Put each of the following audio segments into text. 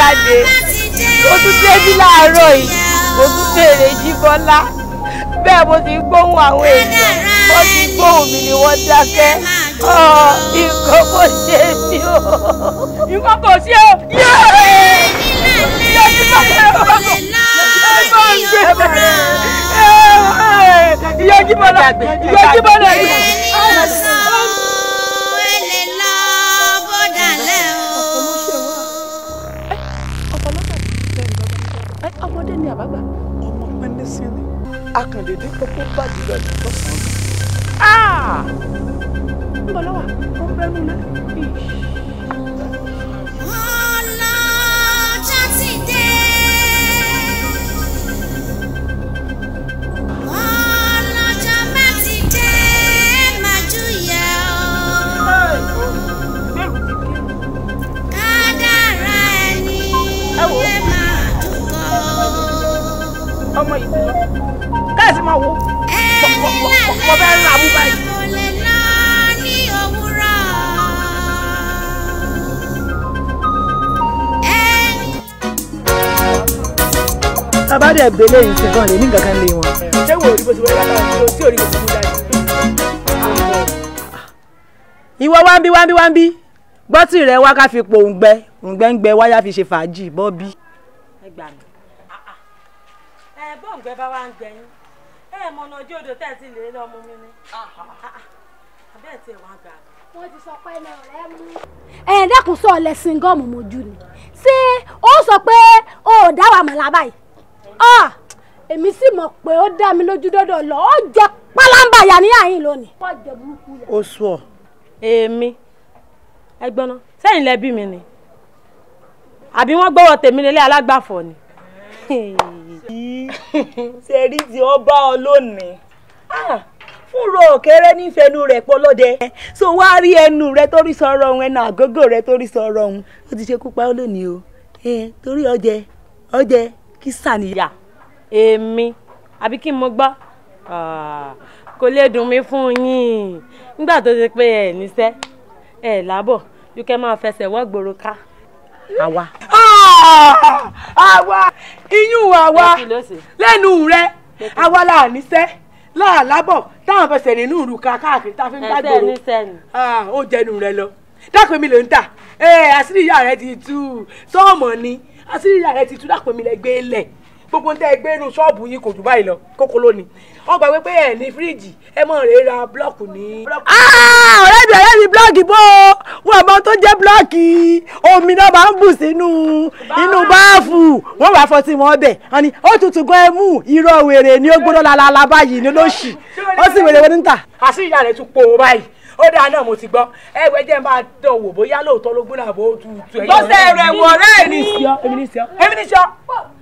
jáde ó tún débí láàárọ̀ yìí ó tún béèrè jíbọ́lá bẹ́ẹ̀ mo ti gbóhùn àwọn èèyàn wọ́n ti gbóhùn mi ni wọ́n dákẹ́ nǹkan kò ṣe é ní o. nǹkan kò ṣe é o. ìyá jíbọ́lá ìyá jíbọ́lá ìyá jíbọ́lá. akàndédé kókó bàjẹ́ lọ́dún tó sàn án. ń bọ̀ lọ́wọ́ ó ń bẹ́ẹ̀ nílẹ̀ bíi. ọmọ ìdílọ máa wo mo fẹ́ rà mú báyìí. bàbá dẹ̀ gbélé yìí ṣùgbọ́n lè ní kankan lé wọn. ṣé wo orí bó ti wọlé látàrí tí orí kò ti mú dání. ìwọ wáńbí wáńbí wáńbí gbọ́tì rẹ̀ wá ká fi po òǹgbẹ òǹgbẹ ń gbẹ wáyà fi ṣe fàájì bọ́ bí. ẹ gbà mí ah, ah. ẹ bọ́ǹgbẹ bá wá ń gbẹ yín ẹ mọ ọ̀nà ojú odò tẹ́ẹ̀tì lè lọ́mú mi ni ah, ah, ah. abẹ́ẹ̀ tiẹ̀ wá gbà mí. wọ́n ti sọ pé ẹnà ọ̀rẹ́ mú. ẹ dẹ́kun sọ lẹ́sìn gọ́ọ̀mù mojú ni ṣé ó sọ pé o ò dá wa mọ̀ lábàáyé èmi sì mọ̀ pé ó dá mi lójú dọ́dọ̀ lọ ó jẹ pálámbà yà ní àyín lónìí. ó sọ ọ. èmi ẹgbọ́n náà sẹ́yìn lẹ́bí mi ni àbí wọ́n gbọ́wọ́ tèmi lélẹ́ alágbàfọ̀ ni. ṣe ọ ti ọba ọlọ́ni fúnra ọ̀kẹ́rẹ́ nífẹ̀ẹ́nu rẹ̀ pọlọ́dẹ so wá rí ẹnu rẹ torí sọ̀rọ̀ ọ̀hún ẹnu àgógó rẹ torí sọ̀rọ̀ ọ̀hún ó ti ṣekú pa ọlọ́ni o torí ọjẹ ọjẹ kí sàníyà. èmi àbí kí n mọ gbọ́ ah, kò lè dùn mí fún yín nígbà tó ṣe pé ẹ níṣẹ́ ẹ lábọ̀ yóò kẹ́ máa fẹsẹ̀ wọ́gbòrò ká. àwa. Ah! Ah! àwa iyún àwa lẹ́nu rẹ àwa là níṣẹ́ láàlábọ̀ táwọn fẹsẹ̀ nínú ìlú ka káàkiri tá a fi ń dágbòrò ah, ó jẹnu rẹ lọ dápẹ́ mi ló ń tà eh, àṣírí ìyá rẹ ti tú sọ́ọ̀mọ̀ ni àṣírí ìyá rẹ ti tú dápẹ́ mi lẹ gbé lẹ̀ gbogbo tẹ́ ẹ gbé inú ṣọ́ọ̀bù yín kò jù báyìí lọ kókó lónìí wọ́n wípé ẹ̀ ní fíríjì ẹ mọ̀ rẹ ra búlọ́ọ̀kù ní. Ah, ọ̀rẹ́ mi ọ̀rẹ́ mi búlọ́ọ̀kì bó o gbogbo ọmọ tó jẹ́ búlọ́ọ̀kì omi náà máa ń bù sínú inú báàfù wọ́n wàá fọtí wọn bẹ̀ wọ́n ní ó tutù gan ẹmú irọ́ wèrè ni ó gbóná lálálá báyìí ni lóṣì ó sì wèrè wọn níta. àṣì ìyá rẹ̀ tún po báyìí ó dáa náà mo ti gbọ́ ẹgbẹ́ jẹ́ máa dán wò bóyá lóòótọ́ ló gbóná àbó tutù ẹ̀yìn. lọ́sẹ̀ rẹ̀ wọ̀ rẹ́ẹ̀ ni èmi ní sọ.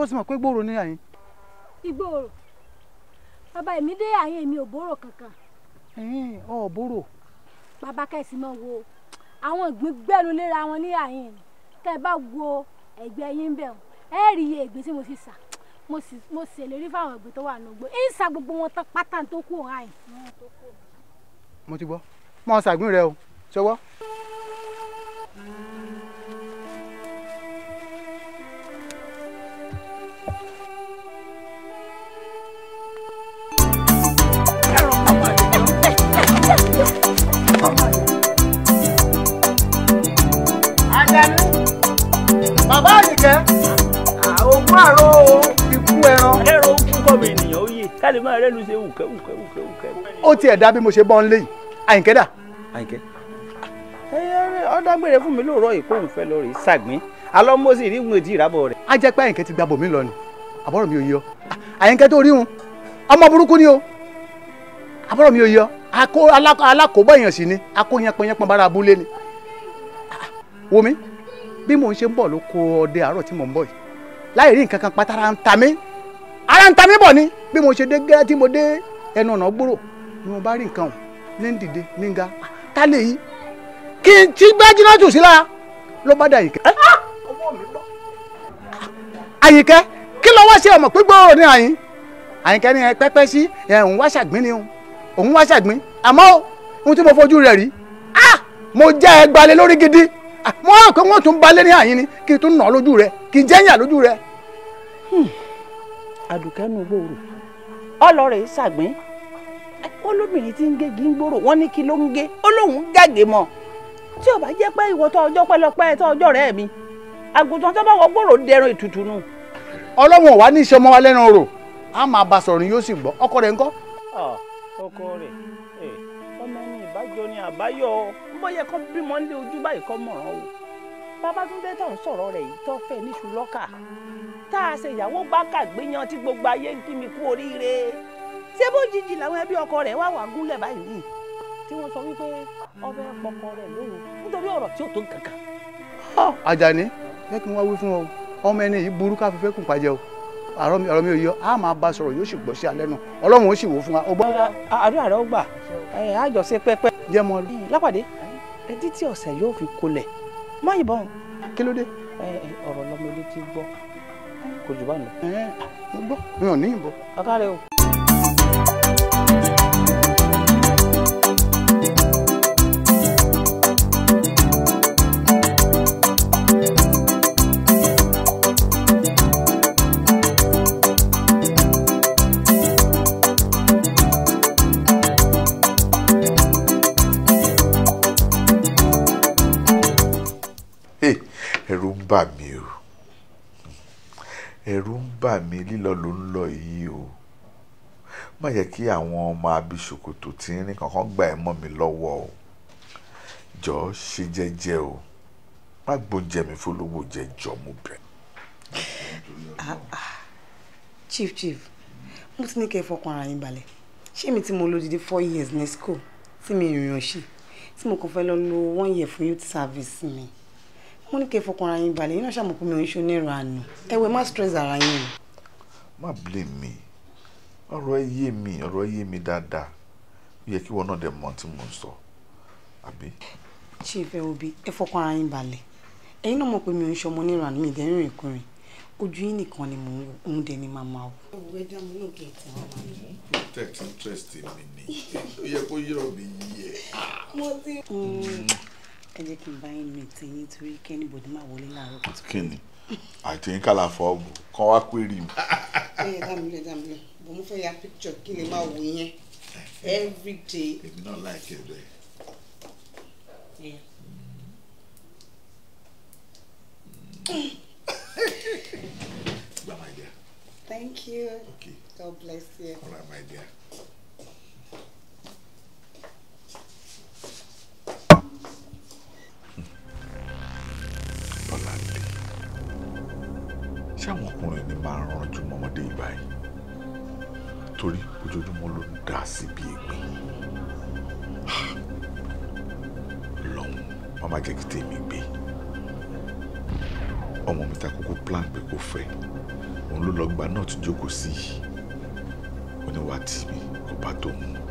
tó sì mọ̀ pé gbòòrò ní àyín. ìgbòòrò bàbá èmi dé àyín èmi ò bóró kankan. ẹ̀yin ò bóró. bàbá kẹ̀sì máa wo àwọn ìgbín gbẹ́nu léra wọn ní àyín tẹ́ ẹ bá wo ẹ̀gbẹ́ yín bẹ̀ ẹ rí iye ìgbín tí mo ti sà mo sì ṣèlérí fáwọn ìgbín tó wà nùgbò ń sa gbogbo wọn tán pátá tó kù àyìn. mo ti gbọ́ mọ́ ọ rẹ o ṣọwọ́. bàbá àyíkẹ́ ògùn àrò ikú ẹran. ẹran ogún kọ́ mi ènìyàn ó yè máa rẹ́lu ṣe wùkẹ́ wùkẹ́ wùkẹ́ wùkẹ́. ó tiẹ̀ dá bí mo ṣe bọ́ ń lé yìí àyìnkẹ́ dà àyìnkẹ́. ọ̀dàgbére fún mi lóòrọ̀ yìí kóun fẹ́ lọ sàgbín alọ́ mo sì rí ìwọ̀n èdè ìrábọ̀ rẹ̀. a jẹ́ pé àyìnkẹ́ ti gbàbọ̀ mí lọ ni àbọ̀rọ̀ mi ò yọ àyìnkẹ́ tó rí hun ọmọ burúkú ni o àbọ̀rọ̀ mi ò yọ alákòóbọ̀ èèyàn sì ni akó yẹn pọnyẹpọn bára abúlé ni wò mí bí mò ń ṣe ń bọ̀ ló kó ọdẹ àárọ̀ tí mò ń bọ̀ yìí láì rí nǹkan kan pátá ara ń ta mí ara ń ta mí bọ̀ ni bí mo ṣe dé gẹ́rẹ́ tí mo dé ẹnu ọ̀nà gbòòrò ni mo bá rí nǹkan ọ̀hún ní ń dìde ní ń ga ká lè yí kí n ti gbá jiná tù sí la ló bá da àyìnkẹ́. Ah! àyìnkẹ́ kí ló ṣe ọmọ pé gbòòrò ní àyín àyìnkẹ́ ni pẹ́pẹ́ sí òun wá ṣàgbín ni òun wá ṣàgbín àmọ́ ohun tí mo fojú rẹ̀ rí ah! mo jẹ́ ẹgbàlè lórí gidi mo rò pé wọ́n tún balẹ̀ ní àyín ni kí n tún nà lójú rẹ kí n jẹ́yìn àlójú rẹ. Hmm. àdùkẹ́ nu gbòòrò ọlọ́rẹ̀ ṣàgbín olóbìnrin tí ń gégi ń gbòòrò wọ́n ní kí ló ń gé olóhùn gàgé mọ́ tí ò bá jẹ́ pé ìwọ tó ọjọ́ pẹ́lọpẹ́ tó ọjọ́ rẹ̀ mi àgùntàn tó bá wọ gbòòrò dẹrùn ètùtù nù. ọlọ́run ò wá ní í ṣe ọmọ wa lẹ́nu rò á máa bá sọ̀rọ̀ yóò sì gbọ́ ọkọ rẹ̀ ńkọ́. Ah, ọkọ rẹ̀ eh, ọmọ ẹni ìbájọ ni àbáyọ bóyá kán bímọ nílé ojú báyìí kán mọ̀ràn o Babátúndé tó ń sọ̀rọ̀ rẹ̀ yìí tó fẹ́ níṣu lọ́kà tá a ṣe ìyàwó bá kàgbéyan tí gbogbo ayé ń kí mi kú oríire ṣé bó jìjì làwọn ẹbí ọkọ rẹ̀ wá wà gúnlẹ̀ báyìí nìyí tí wọ́n sọ wípé ọbẹ̀ pọkọ rẹ̀ lóru nítorí ọ̀rọ̀ tí ò tó nǹkan kan. jẹ́ kí n wí fún ọ ọmọ ẹni yìí burú ká fi pàjẹ́ o ọ̀rọ̀ mi ò yọ á máa bá sọ̀rọ̀ yóò sì gbọ́ sí alẹ́ nu ọlọ́run ó sì wò fún wa. àdúrà rẹ ó gbà àjọṣe pẹ́pẹ́. jẹ́ mọ́ lápàdé ẹdí tí ọ̀sẹ̀ yóò fi kolẹ̀ má yìnbọn kí ló dé ọ̀rọ̀ lọ́mọ ilé tí gbọ́ kò jù bá mi ò ní ìbọn. ọ̀gá o. ẹ̀rù ń bà mí o ẹ̀rù ń bà mí lílọ ló ń lọ yìí o má yẹ kí àwọn ọmọ abiṣòkòtò tí ń rìn kankan gbà ẹ́ mọ́ mi lọ́wọ́ o jọ ṣe jẹ́jẹ́ o má gbóúnjẹ mi fọlọ́wọ́ jẹ jọ mo bẹ̀. Ah, ah. chief chief mo ti ní kẹ́ ẹ fọkàn ara yín balẹ̀ ṣé mi tí mo lò dídí four years ní school tí mi ìrìn òṣì tí mo kàn fẹ́ lọ lo one year fún youth service mi mo ní kẹ́ fọkàn ara yín balẹ̀ yín náà ṣàmùkú mi ò ń ṣe onírun àná ẹ̀wẹ̀ má stress ara yín. má blame mi ọ̀rọ̀ ẹ yé mi ọ̀rọ̀ ẹ yé mi dáadáa ó yẹ kí wọn náà dẹ̀ mọ̀ tí mò ń sọ àbí. chief obi ẹ fọkàn ara yín balẹ̀ ẹ̀yin náà mọ̀ pé mi ò ń ṣe ọmọ onírun àná mi ìdẹ́ rìnrìn kùnrin ojú yín nìkan ni mò ń wò ń dẹni máa máa wò. òwe jẹ́ mo lóògì tí wọ́n máa mm ẹ jẹ́ kí n bá yín nu ìtẹ̀yìn torí kẹ́ni bòdì máa wọlé láàárọ̀ kùtù. kí ni àìtẹ̀yìn kàlàfọ̀ ọ̀bù kan wá péré mi. ẹ yẹ dámilẹ̀ dámilẹ̀ bò mo fẹ́ ya picture kí lè máa wò yẹn every day. èmi náà láìkẹ́ rẹ̀. Bye, my dear. Thank you. Okay. God bless you. All right, my dear. máa ranjú mọ́mọdé ìbáyìí torí ojoojúmọ́ ló ń dà sí bí ègbín lọ́hùn má má jẹ́ kí tèmi gbé ọmọ mi ta kókó plan pé kò fẹ́ òun ló lọ gba náà tún jókòó sí yìí oníwà tì mí ọba tó mú un.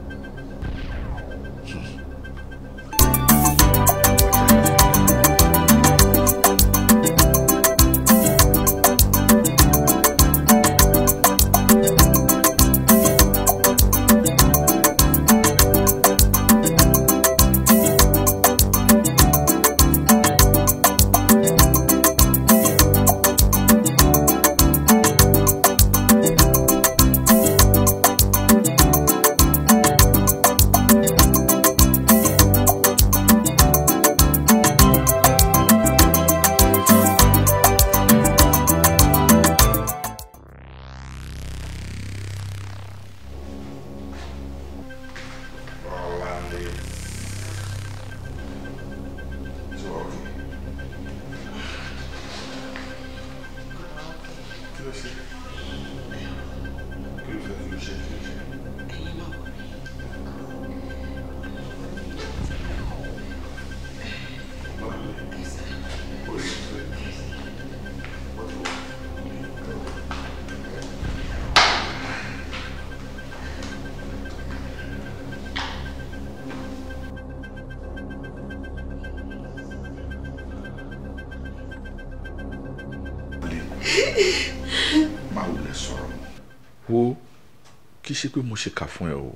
pé mo ṣe kà fún ẹ o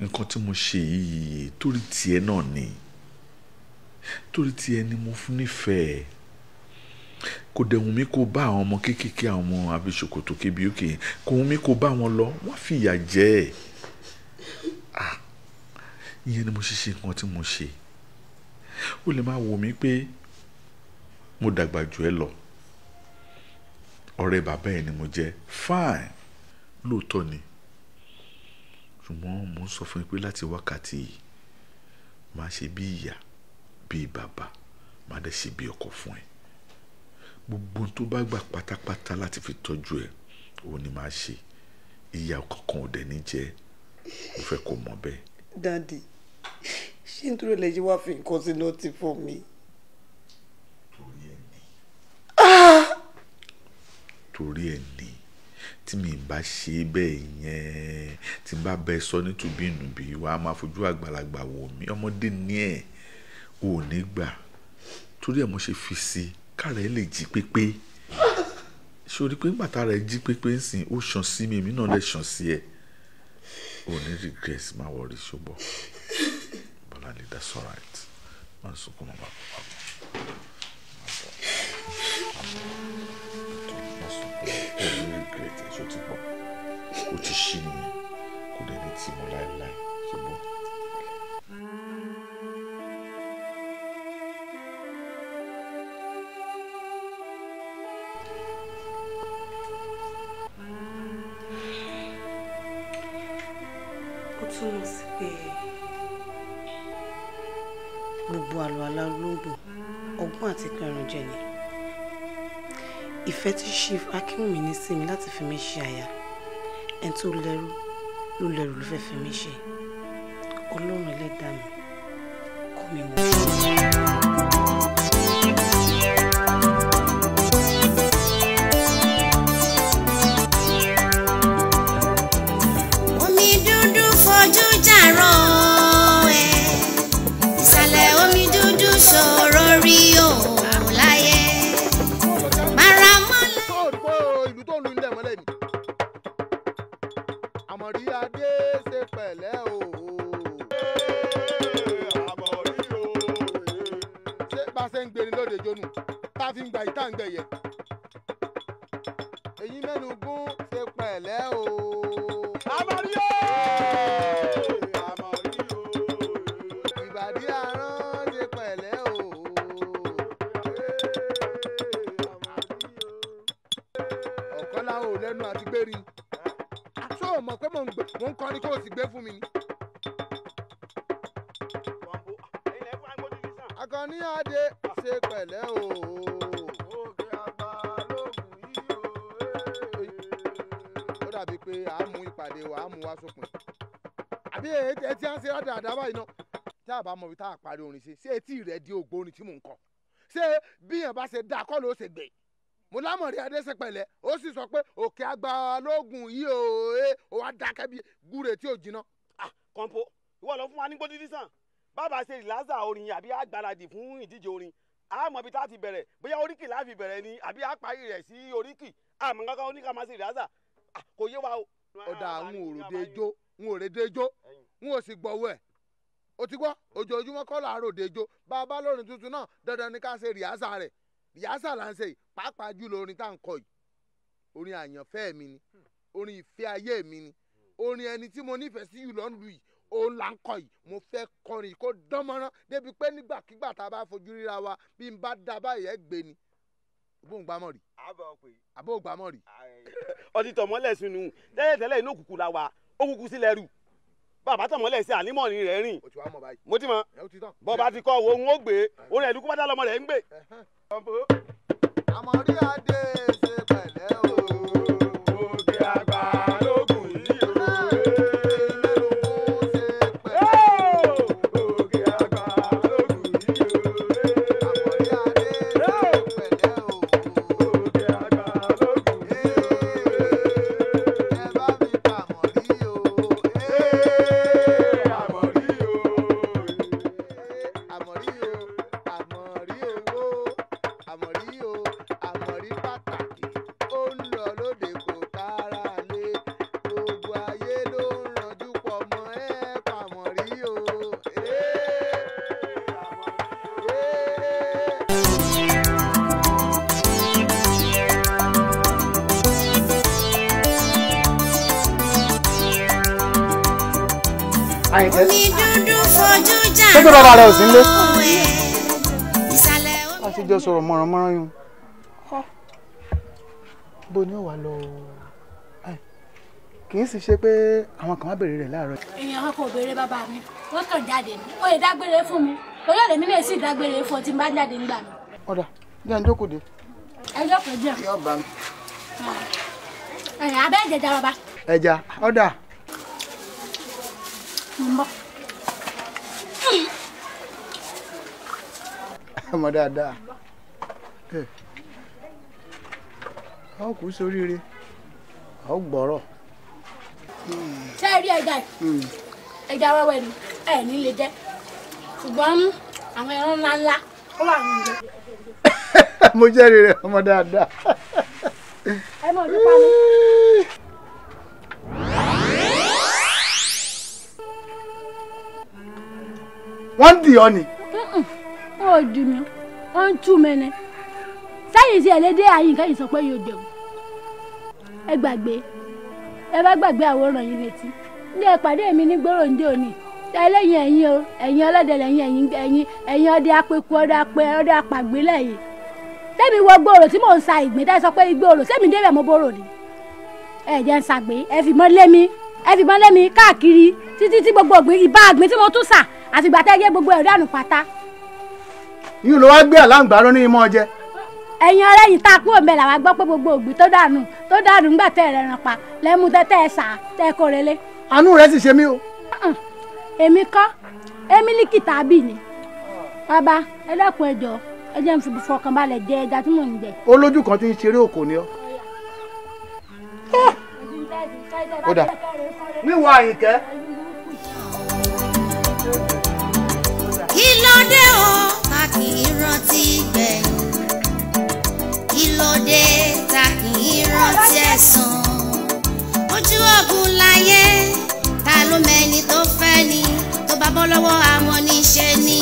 nǹkan tí mo ṣe yìí torí tiẹ̀ náà ni torí tiẹ̀ ni mo fún nífẹ̀ẹ́ kò dẹ̀ wùn mí kó bá àwọn ọmọ kéékèèké àwọn ọmọ abẹ́sòkòtò kébi òkè kò wùn mí kó bá wọn lọ wọ́n fìyà jẹ́ ẹ̀ ìyẹn ni mo ṣe ṣe nǹkan tí mo ṣe ó lè máa wò mí pé mo dàgbà jù ẹ lọ ọ̀rẹ́ bàbá ẹ ni mo jẹ́ fine lóòótọ́ ni ṣùgbọ́n mo ń sọ fún yín pé láti wákàtí yìí máa ṣe bí ìyá bí bàbá máa dẹ̀ ṣe bí ọkọ fún ẹ gbogbo tó bá gbà pátápátá láti fi tọ́jú ẹ òun ni máa ṣe ìyá kankan ò dẹ̀ ní jẹ́ mo fẹ́ kó mọ̀ bẹ́ẹ̀. dadi ṣé nítorí ilẹ̀ yìí wá fi nǹkan sínú ọtí fún mi. torí ẹ ní. torí ẹ ní tí mi bá ṣe bẹ́ẹ̀ yẹn tí n bá bẹ sọ nítubí ìnùbí wàá máa fojú àgbàlagbà wò mí ọmọdé ní ẹ̀ ò ní gbà torí ẹ̀ mo ṣe fi sí kára ẹ̀ lè jí pépé sori pé bàtà rẹ̀ jí pépé ń sìn ó ṣàn sí mi èmi náà lè ṣàn sí ẹ̀ ò ní regress má wọrí ṣùgbọ́n Bọ́láńlé that's alright má sunkún mọ́ bàbá bàbá tẹ̀ ṣó ti gbọ́ ó ti ṣí nìyẹn kò dẹ̀ ní tì mọ́ láéláé ṣó gbọ́. ó túmọ̀ sí pé gbogbo àlọ́ aláró ló ń gbò ọgbọ́n àti kẹrin jẹ ìfẹ́ tí chief akínwùmí ní sí mi láti fi mí ṣe àyà ẹni tó lẹ́rú ló lẹ́rú ló fẹ́ fi mí ṣe ọlọ́run ẹlẹ́dàá mi kọ́ mi mọ́. la fi ń gba ìtàǹgbẹ̀yẹ. èyí mẹ́nu gún ṣe pẹ̀lẹ́ o. àmọ́rí o. àmọ́rí o. ìbàdí aràn ṣe pẹ̀lẹ́ o. ọ̀kan láwọn ò lẹ́nu àti gbérí. ṣé o pé mò ń kọrin kó o sì gbé fún mi ni. akọni adé ṣe pẹ̀lẹ́ o. pàdé wa á mú wa sópin àbí ètí ẹ ti à ń ṣe rádaràdà báyìí náà tí a bá mọ ibi tá a parí orin ṣe ṣé etí rẹ di ògbó orin tí mò ń kọ ṣé bíyàn bá ṣe dá kọ́ ló ṣe gbè mo lámọ̀rí adéṣepẹ̀lẹ̀ ó sì sọ pé òkè àgbà yìí ò ẹ ò wá dákẹ́ bí gúre tí ò jiná. kọ́ńpó ìwọ lọ fún wa ní gbódú dísàn bàbá ṣe ìlàsà orin àbí àgbàladì fún ìdíje orin àmọ́ ibi tá a ti bẹ̀rẹ̀ bóyá oríkì láàfin bẹ̀rẹ̀ ni àbí àparí rẹ̀ sí oríkì àmọ́ kankan oníkàmásí ìlàsà kò yé wa o ọ̀dà àwọn òròdejò ń òròdejò ń ò sì gbọ̀wọ́ ẹ̀ o ti gbọ́ ojoojúmọ́ kọ́ là á ròdejò bá a bá lórin tuntun náà dandan ni ká ṣe rìhásà rẹ̀ rìhásà là ń ṣe pàápàá jùlọ orin tá à ń kọ yìí orin àyànfẹ́ mi ni orin ìfẹ́ ayé mi ni orin ẹni tí mo nífẹ̀ẹ́ sí jùlọ ń lu yìí òun là ń kọ yìí mo fẹ́ kọrin kó dánmọ́rán débi pé nígbàkigbà tá a bá fojú ríra wa bí n bá da báyìí gbé ni bóun gbámọ̀ rí. àbọ̀ gbámọ̀ rí. ọtí tọmọlẹ sínú tẹ́lẹ̀tẹ́lẹ̀ inú òkùnkùn la wà òkùnkùn sílẹ̀ rù bàbá tọmọlẹ sí ànímọ̀ ni rìn mo ti mọ̀ bọ́ba ti kọ́ wo ń ó gbé orin ẹ̀dúkú bá dá lọ́mọ rẹ̀ ń gbé. àmọ́ adé àyìnkẹ́. omi dúdú fojú jà lọ́wọ́ ẹ̀. ṣé bàbá rẹ ò sí a láti jọ sọ̀rọ̀ mọ̀rànmọ́rán yun. bó ni ó wà lọ kì í sì ṣe pé àwọn kan wá béèrè rẹ̀ láàárọ̀. èèyàn wọn kò béèrè bàbá mi wọn kàn jáde ni ó lè dágbére fún mi oyè lèmi lè sì dágbére fún ọ tí n bá jáde nígbà mi. ọ̀dà jẹ́ ń jókòó dé. ẹ jókòó jẹ́. yóò bá mi. ẹ̀yà abẹ́ ìjẹ̀jà bàbá. ẹja ọ̀dà. ọmọ dáadáa eh. a ó kú sóríire a ó gbọ́rọ̀. ṣé ẹ rí ẹja yìí hmm. ẹja wẹ́wẹ́ ni ẹ ní lè jẹ ṣùgbọ́n àwọn ẹran ńlá ńlá ó wà ní ìjọ. mo jẹ́rìí rẹ̀ ọmọ dáadáa. ẹ mọ̀ ojú pa mi. wọ́n ń dì ọ́ ni. ó dì mí ó ń tú mi ni sẹ́yìn sí ẹ̀lẹ́dẹ́ àyìn kẹ́yìn sọ pé yóò dẹ̀wò ẹ gbàgbé ẹ bá gbàgbé àwòrán yìí létí ní ẹ pàdé mi ní gbòòròǹdè òní ẹlẹ́yìn ẹ̀yìn o ẹ̀yìn ọlọ́dẹ lẹ́yìn ẹ̀yìn ẹ̀yìn ẹ̀yìn ọdẹ apẹ̀kù ọdẹ apẹ ọdẹ apàgbé lẹ́yìn sẹ́mi wọ gbòòrò tí mò ń sa ìgbín tẹ́ sọ pé gbòòrò sẹ́mi débẹ̀ mo bòrò ni ẹ jẹ́ ń sàgbé ẹ fìbọn lé mi ẹ fìbọn lé mi káàkiri títí tí gbogbo ìbá àgbín tí mo tún sà asịgbata tẹ́ gbogbo ẹ̀rọ ànú pátá. yín ló gbé ní ẹ̀yin ọ̀rẹ́ yìí tá a gbogbo ògbì tó dànù tó dànù tẹ́ pa lẹ́mú ẹ sà tẹ́ ẹ àánú rẹ sì ṣe o. èmi kọ́ èmi ní ni bàbá fọkànbalẹ̀ jẹ ẹja tí mò ń jẹ. kí ló dé o ta kì í rántí gbẹ̀yìn kí ló dé ta kì í rántí ẹ̀san ojú ogun láyé ta ló mẹ́ni tó fẹ́ ni tó bá bọ́ lọ́wọ́ àwọn níṣẹ́ ni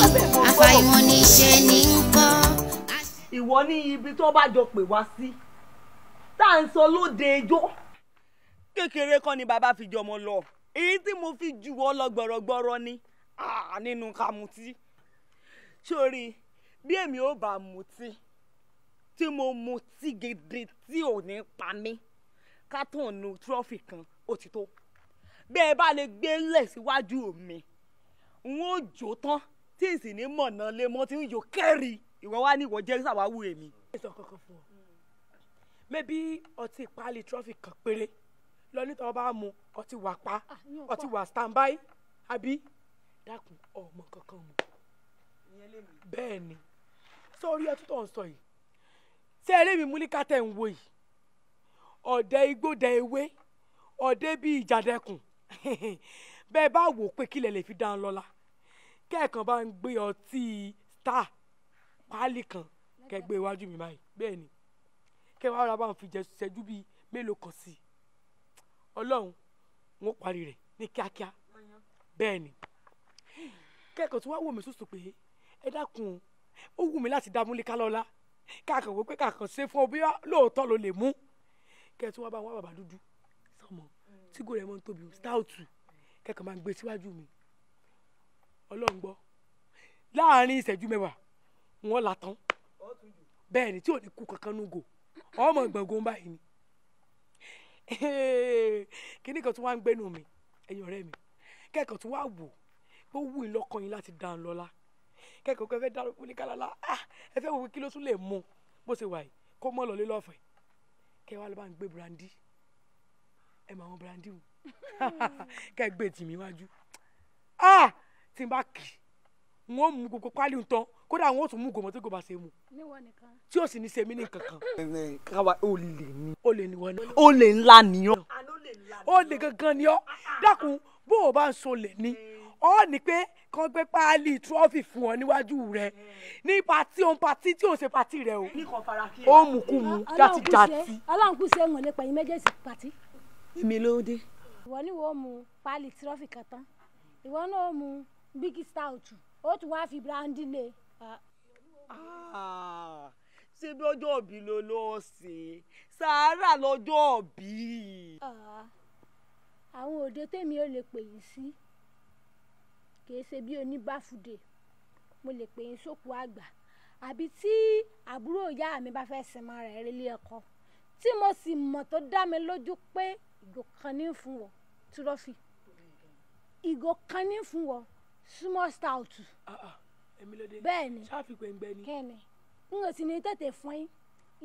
àfàìmọ̀ níṣẹ́ ni ń kọ́. ìwọ ní ibi tó bá jọ pè wá sí tá à ń sọ lóde ijó kékeré kan ni bàbá fi jọmọ lọ èyí tí mo fi jù lọ gbọ̀rọ̀gbọ̀rọ̀ ni nínú kàmùtí sórí bí èmi ò bá mutí tí mo mutí gidi tí ò ní pa mí kátọ̀nù trọ́fì kan ó ti tó bẹ́ẹ̀ bá lè gbélé síwájú mi n ó jó tán tí n sì ní mọ̀nà lé mọ́ tí ń yọ kẹ́rì ìwọ wá ní ìwọ jẹ́ sàwáwù èmi. ìsọ kankan fún ọ mẹbí ọtí páálí trọ́fì kan péré lọ nítorí ọba mu ọtí wà pa ọtí ah, wà standby àbí dákun ọmọ kankan mu bẹ́ẹ̀ ni sórí ọtún tó ń sọ yìí ṣé eré mi mú ní kátẹ́ ń wo yìí ọ̀dẹ igbódẹ ewé ọ̀dẹ bíi ìjàdẹkùn bẹ́ẹ̀ bá wò ó pé kílẹ̀ lè fi dá ń lọ́la kẹ́ẹ̀kan bá ń gbé ọtí star páálí kan kẹgbẹ́ iwájú mi báyìí bẹ́ẹ̀ ni kẹwàá ara bá ń fi jẹ́jú bíi mélòó kan sí i ọlọ́run ń ó parí rẹ̀ ní kíákíá bẹ́ẹ̀ ni kẹ́ẹ̀kan tí wọ́n wò mí sùsù pé ẹ dákun ó wù mí láti dá múlíkà lọ́la káàkàn wípé káàkàn ṣe fún ọ bí lóòótọ́ ló lè mú kẹtù wọn bá wọn bàbá dúdú sọmọ tí gòrè mọ tóbi stáùtù kẹkàn máa ń gbé síwájú mi ọlọ́run gbọ́ láàrin ìṣẹ́jú mẹ́wàá wọn là tán bẹ́ẹ̀ ni tí ò ní kú kankan nùgò ọmọ gbọ̀ngàn báyìí ni kíní kan tí wọ́n á ń gbẹ́nu mi ẹ̀yìn ọ̀rẹ́ mi kẹ́kọ̀ọ́ tí wọ́n á wò ó wù í lọ́kàn yín láti dá a kẹ́kọ̀ọ́ kẹ́ fẹ́ dárò ní kálálá ah, ẹ fẹ́ wo kí ló tún lè mú bó ṣe wà yìí kó mọ́ lọ́lé lọ́fẹ̀ẹ́ kẹ́ wá ló bá ń gbé brandy ẹ mọ àwọn brandy wò kẹ́ gbé tìmí wájú ah, tí n bá kì n ó mú gbogbo pálí ń tán kódà n ó tún mú gòmọ tí gòmà ṣe mú tí ó sì ní ṣe mí ní kankan. káwa ó lè ní. ó lè ní wọn ní. ó lè ńlá nìyọ. ó lè kankan nìyọ dákun bó o bá ń so lè ní ọ ní pé kàn gbé páálí trọ́fì fún ọ níwájú rẹ ní patí òun patí tí òun ṣe patí rẹ o ó mú kú mu játi játi. aláǹkú ṣe ń wọlé pẹ̀yìn méjèèjì patí. èmi ló dé. ìwọ ni wọ́n mu páálí trọ́fì kan tán ìwọ náà mu bíkì stout ó tún wáá fi brandy lé. E. Ah, ṣé bí ọjọ́ òbí ló lọ́ọ́ sí sàárà lọ́jọ́ òbí. Ah, àwọn òde tèmi ò lè pè yín sí. Si kìí ṣe bí oníbàfùdè mo lè pè yín sókùú àgbà àbí tí àbúrò ìyá mi bá fẹ́ sinmi ara ẹ̀ relé ọkọ tí mo sì mọ̀ tó dá mi lójú pé ìgò kan ní fún wọ tírọ́fì ìgò kan ní fún wọ small stout bẹ́ẹ̀ ni kẹ́ni n sì ní tètè fún yín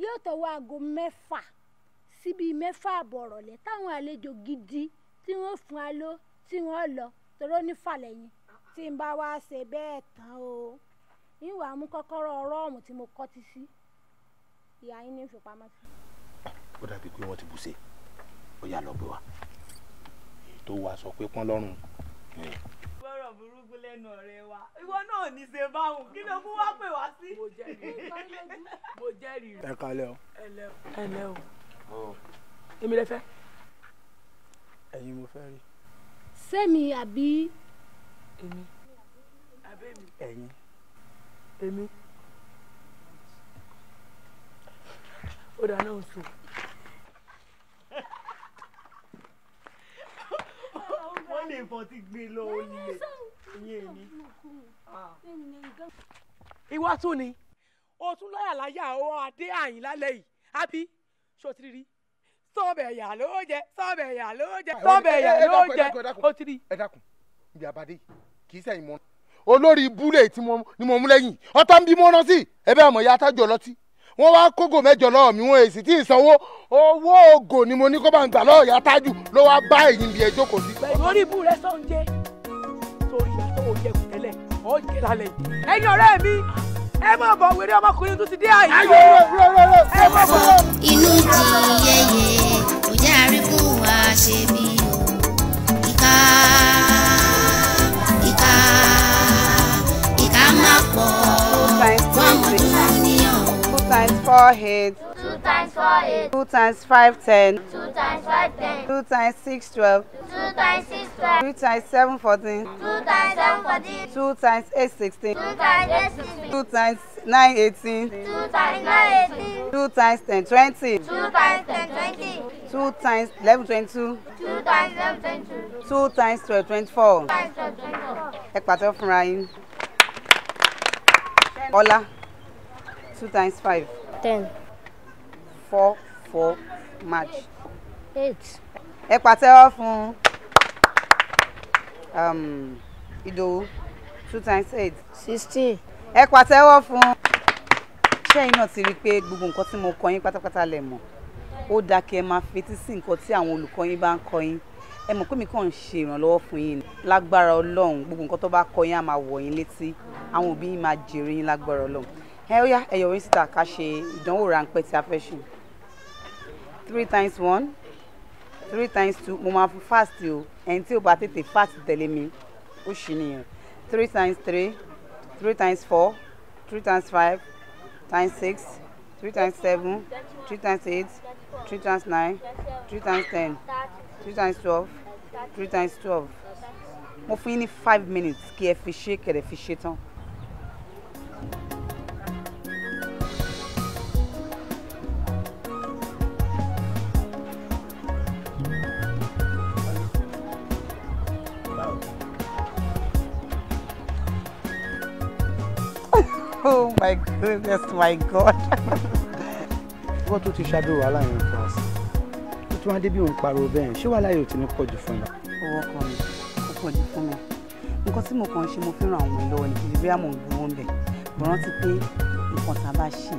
yóò tọwọ́ aago mẹ́fà síbi mẹ́fà àbọ̀ táwọn àlejò gidi tí wọ́n fún wa ló tí wọ́n lọ tọ́rọ́ nífàlẹ́yìn tí n bá wá ṣe bẹ́ẹ̀ tán o ìwà mú kọ́kọ́rọ́ rọ́ọ̀mù tí mo kọ́ ti sí ìyá yín ní ìfipamọ́ sí. ó dàbí pé wọ́n ti bù ṣe ó yà lọ gbé wa èyí tó wàá sọ pé pọ́n lọ́rùn. gbọ́rọ̀ burúkú lẹ́nu ọ̀rẹ́ wa ìwọ náà ní ṣe báwọn kí ló mú wá pè wá sí. mo jẹ́rìí rẹ̀. ẹ kalẹ́ o. ẹ lẹ́ o. ẹ lẹ́ o. èmi lẹ fẹ́. ẹ̀yin mo fẹ́ rí. sẹ́mi àbí èmi. ẹ̀yin. èmi. ó dáná oṣù. wọ́n lè fọ́ ti gbé lọ olè ìyẹn ni. ìwà tún ni o tún lọ́yà láyà o adé àyìn lálẹ́ yìí àbí ṣòtìrì rí sọ́ọ̀bẹ̀ yà ló jẹ sọ́ọ̀bẹ̀ yà ló jẹ ah, sọ́ọ̀bẹ̀ eh, yà eh, eh, ló jẹ ó ti rí. ẹ dákun ibi yìí kì í sẹ́yìn mọ́ olórí búlẹ̀ tí mo ni mo mú lẹ́yìn ọ̀tá ń bí mo rán sí ẹ̀bẹ̀ àmọ̀ ya tájọ lọ́tí wọ́n wá kógò mẹ́jọ lọ́wọ́ mi wọ́n èsì tí ì sanwó owó ògò ni mo ní kó bá ń gbà lọ́wọ́ ya tájù ló wá bá èyí bí ẹjọ́ kò sí. torí ibú rẹ torí ìyàtọ̀ òye tẹ́lẹ̀ ọ̀ jẹ́ lálẹ́ ẹ̀yin ọ̀rẹ́ mi ẹ mọ̀ bọ̀ wẹ̀rẹ̀ ọmọkùnrin tó ti dé àyè. ayé Two times four heads times four eight. Two times five ten. Two times five ten. Two times six twelve. Two times six twelve. Two times seven fourteen. Two times seven fourteen. Two times eight sixteen. Two times eight sixteen. Two times nine eighteen. Two times nine eighteen. Two times ten twenty. Two times ten twenty. Two times eleven twenty two. Two times eleven twenty two. Two times twelve twenty four. Two times twelve twenty four. Ẹ pàtẹ́wọ́ fúnra yín. Ọlá two times five. ten four four march. eight. ẹ pàtẹ́wọ́ fún um, ìdòwú two times eight. sixteen. ẹ pàtẹ́wọ́ fún. sẹ́yìn náà ti rí i pé gbogbo nǹkan tí mo kọ yín pátápátá lẹ̀ mọ̀ ó dáa kí ẹ máa fetí sí nǹkan tí àwọn olùkọ́ yín bá ń kọ yín ẹ mọ̀ pé mi kàn ń ṣe ìrànlọ́wọ́ fún yín lágbára ọlọ́run gbogbo nǹkan tó bá kọ yín á máa wọ̀ yín létí àwọn òbí yín máa jèrè yín lágbára ọlọ́run ẹ ó yá ẹ yọ̀wé síta ká ṣe ìdánwò ráńpẹ́ tí a fẹ́ ṣe three times one three times two mo máa fast o ẹni tí o bá tètè fast tẹ̀lé mi ó ṣì nìyẹn three times three three times four three times five times six three times seven three times eight three times nine three times ten three times twelve three times twelve mo fún ní five minutes kí ẹ fi ṣe kẹ̀rẹ̀ fi ṣe tán. Oh my goodness, my God. Wọ́n tún ti ṣáájú wàhálà yẹn fún us. Ó tún wá dé bí òun pariwo bẹ́ẹ̀ ṣé wàhálà yóò ti ní pọ̀jù fún mi. Owó kan ni, ó pọ̀jù fún mi. Nǹkan tí mo kàn ṣe mo fẹ́ràn àwọn èèyàn lọ́wọ́ ni kí the àmọ̀ ògbó wọn bẹ̀. Mo rántí pé nǹkan tá a bá ṣe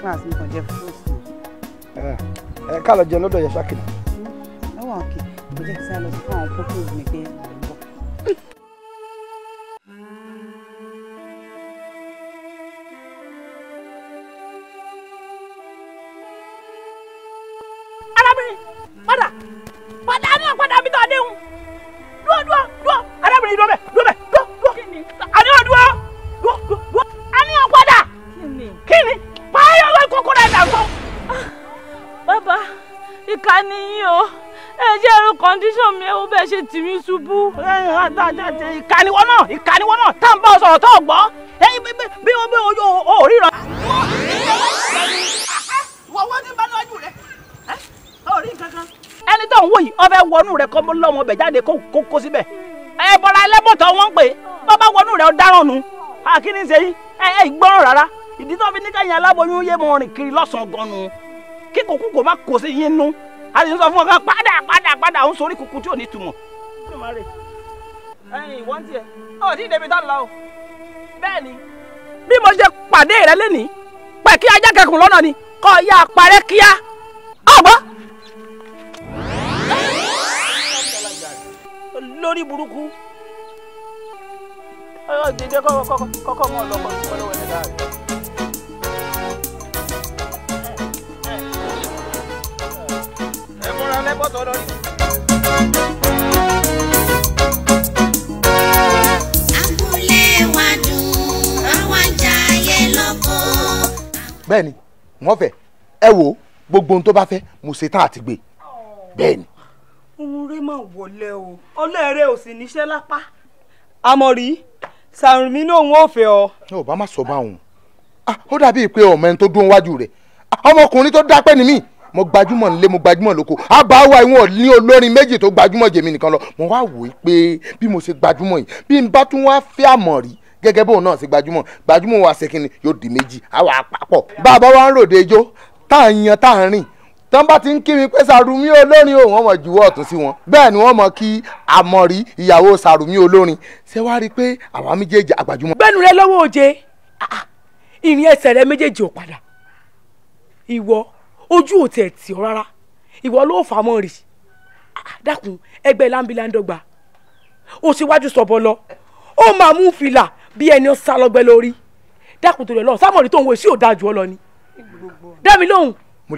class mi kàn jẹ fruits ni. Ẹ eh, eh, ká lọ jẹun lọ́dọ̀ yẹn ṣákìlì. Hmm, lọ́wọ́ òkè, mo jẹ́ kí sá lọ sí fún àní dúró bẹ́ẹ̀ dúró bẹ́ẹ̀ dúró dúró àní ò dúró dúró dúró àní ò padà kí ni báyọ̀ lọ kókó rẹ̀ dàgbọ́. bàbá ìkà ni yín o ẹ jẹ́ ẹ̀rọ kọ́ndíṣọ̀n mi ẹ̀wọ́ bẹ́ẹ̀ ṣe tì mí ṣubú. ìkà ni wọ́n náà ìkà ni wọ́n náà tá à ń bá ọ sọ̀rọ̀ tó o gbọ́ bí wọ́n bí o ríran. wọ́n wọ́n ti bá lọ́jú rẹ̀ ọ́ rí nǹkan kan. ẹni tó ń wò yìí ọ fẹ́ wọnú rẹ̀ kọ́ lọ́mọ bẹ̀ jáde kó kó síbẹ̀ ẹ̀bọ̀ra ẹlẹ́bọ̀tọ̀ wọ́n ń pè bàbá wọnú rẹ̀ ọ̀daràn nu àkíní ṣe yí ẹ ẹ ìgbọ́ràn rárá ìdí tó fi ní kẹ́yìn aláboyún yé mọ rìn kiri lọ́sàn-án gan nu kí kòkó kò má kò sí yín nú a sì ń sọ fún wọn kan padà padà padà òun sórí kùkù tí ò ní túmọ̀. ẹyin ìwọ́n tiẹ̀ ọ̀ tí ìdẹ́bi tá bí mo ṣe pàdé rẹ lénìí pẹ̀ kí ajá kẹkùn lọ́nà ni kọ́ ya parẹ́ kíá ọ̀gbọ́n lórí burúkú jẹjẹ kọ́kọ́ mọ́ lọ́kọ́ lọ́wọ́ ẹ̀ dáa rẹ̀. ẹ múra lẹ́bọ̀tọ̀ lórí. bẹ́ẹ̀ni wọ́n ẹ wo gbogbo ohun tó bá fẹ́ mo ṣetán àti gbé bẹ́ẹ̀ni ohun rẹ máa wọlé o ọlẹ́rẹ́ ò sì níṣẹ́ lápá àmọ̀rí sàrùmí náà òun ò fẹ́ ọ. ó bá má sọ bá òun ó dàbí pé ọmọ ẹni tó dún wájú rẹ ọmọkùnrin tó dápẹ́ ni mí mo gbajúmọ̀ nílé mo gbajúmọ̀ lóko àbá wa ìwọ̀n ní olórin méjì tó gbajúmọ̀ jèmi nìkan lọ mo wá wò ó pé bí mo ṣe gbajúmọ̀ yìí bí n bá tún wá fẹ́ àmọ̀rí gẹ́gẹ́ bóun náà ṣe gbajúmọ̀ gbajúmọ̀ wa ṣe kínni yóò di méjì àwa àpapọ̀ bá a bá wá ń ròde ijó tá à yan tá à rìn tán bá ti ń kí mi pé sàrùmí olórin òun ọmọ jùwọ́ ọ̀tún sí wọn bẹ́ẹ̀ ni wọ́n mọ̀ kí àmọ̀rí ìyàwó sàrùmí olórin ṣé wàá rí i pé àwa méjèèjì àgbàjúmọ́. bẹ́ẹ̀ni rẹ lọ́wọ́ òjé ah, ìrìn ẹsẹ̀ rẹ méjèèjì ò padà ìwọ ojú ò tẹ̀ tì ọ́ rárá ìwọ ló fà á mọ́ rì ah, dákun ẹgbẹ́ láńbíláńdọ́gba ó sì wájú sọ̀bọ lọ ó máa mú fìlà bí ẹni sá lọ́gbẹ́ lórí dákun tó lọ sámọ̀rí tó ń wo sí òdájú ọ lọ ni dẹ́mi lóhùn. mo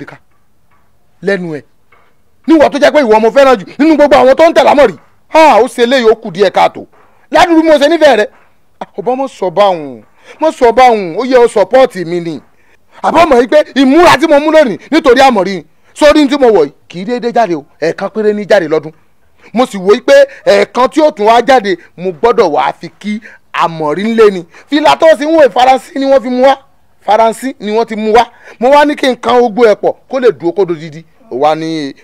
lẹ́nu ẹ̀ níwọ̀ tó jẹ́ pé ìwọ mo fẹ́ràn jù nínú gbogbo àwọn tó ń tẹ̀ lámọ̀rì ha ó ṣe eléyìí ó kù díẹ̀ káàtó ládùúgbò mo ṣe nífẹ̀ẹ́ rẹ ah, ọba mo sọ báwọn mo sọ báwọn ó yẹ ó sọpọ́ọ̀tì mi ni àbọ̀ mọ̀ wípé ìmúra tí mo mú lónìí nítorí àmọ̀rí sórí tí mo wọ̀ yìí kì í déédéé jáde o ẹ̀ẹ̀kan péré ní jáde lọ́dún mo sì wò wípé ẹ̀ẹ̀kan tí ó tún wá jáde mo gbọ́dọ̀ wá fi kí àmọ̀rí ńlẹ́ ni fìlà tó sì ń wò ìfaransí ni wọ́n fi mú wá faransé ni wọ́n ti mú wá mo wá ní kí n kan ogbó ẹ̀ pọ̀ kó lè dúró kó do didi wá ní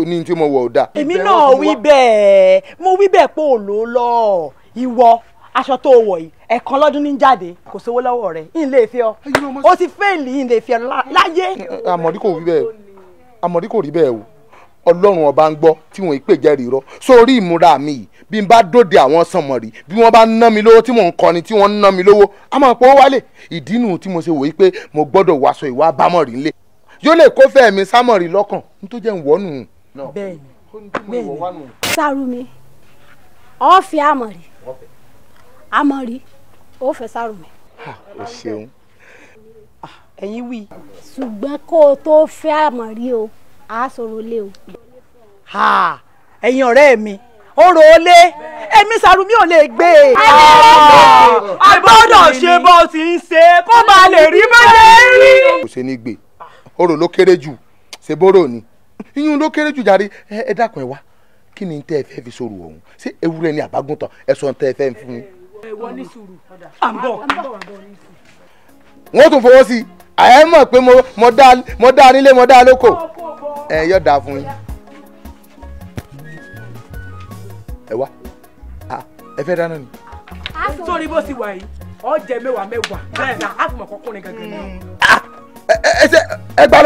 oní tí mo wọ̀ ọ́ dà. èmi náà wí bẹ́ẹ̀ mo wí bẹ́ẹ̀ pé ò lọ ìwọ aṣọ tó wọ̀ yìí ẹ̀kan lọ́dún ní jáde kò sówó lọ́wọ́ rẹ̀ ń lè fi ọ o ti fẹ́ẹ̀lì ń lè fi ọ láyé. àmọ̀dí kò rí bẹ́ẹ̀ o ọlọ́run ọba ń gbọ́ tí wọ́n pè jẹ́rìí rọ sórí ìmúra mi yìí bí n bá dòde àwọn sọmọ̀rì bí wọ́n bá ná mi lówó tí mò ń kọrin tí wọ́n ń ná mi lówó a máa pọ̀ wálé ìdí nù tí mo ṣe wòye pé mo gbọ́dọ̀ wàṣọ ìwà àbámọ̀rì ńlẹ̀ yóò lè kó fẹ́ mi sámọ̀rì lọ́kàn n tó jẹ́ ń wọ́nù. bẹ́ẹ̀ni bẹ́ẹ̀ni Sárùmí ọ fi àmọ̀rì àmọ̀rì ó fẹ́ Sárùmí. o ṣeun. Ah, ẹ̀yin wí. ṣùgbọ́n kó o tó fẹ́ àmọ̀rì o a sọ̀rọ̀ lé o. ẹ̀yin ọ̀rẹ́ mi orò olé èmi Sàrùmí ò lè gbé e. a gbọ́dọ̀ ṣe bó ti ń ṣe kó ba lè rí bẹ́ẹ̀ rí. kò ṣe ní gbè orò ló kéré jù ṣe bóró ni iyún ló kéré jù jàre ẹ dákun ẹ wá kí ni tẹ́ ẹ fẹ́ fi sọ̀rọ̀ ọ̀hún ṣé ewúrẹ́ ni àbágùntàn ẹ sọ tẹ́ ẹ fẹ́ fún mi. wọ́n tún fọwọ́ sí i. ẹ mọ̀ pé mo dá mo dá lóko ẹ daa loko fún yín ẹ wá ah, ẹ fẹ́ dáná ni. sórí bó ti wà yìí ọjẹ mẹ́wàá mẹ́wàá bẹ́ẹ̀ náà á kọkùnrin gangan ni. Ah, ẹ tí. a kò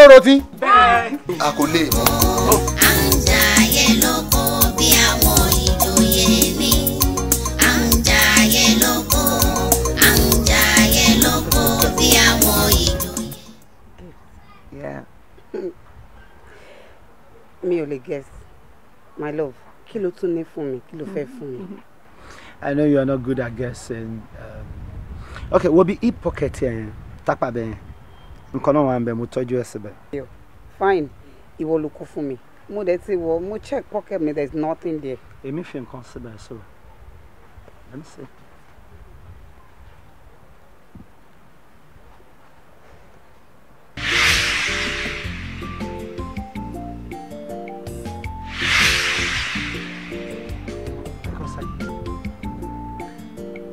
lè mọ. à ń jà lóko bí àwọn ìjòyè mi ò lè guess my love kí ló tún ní fún mi kí ló fẹ́ fún mi. I know you are not good at guessing. Um, okay, wo bi hip pocket yẹn tápà bẹ́ẹ̀ nǹkan náà wà ń bẹ̀ mo tọ́jú ẹ̀ síbẹ̀. fine ìwọ ló kó fún mi mo dẹ̀ ti wọ mo check pocket mi there is nothing there. èmi fi nǹkan síbẹ̀ So let me see.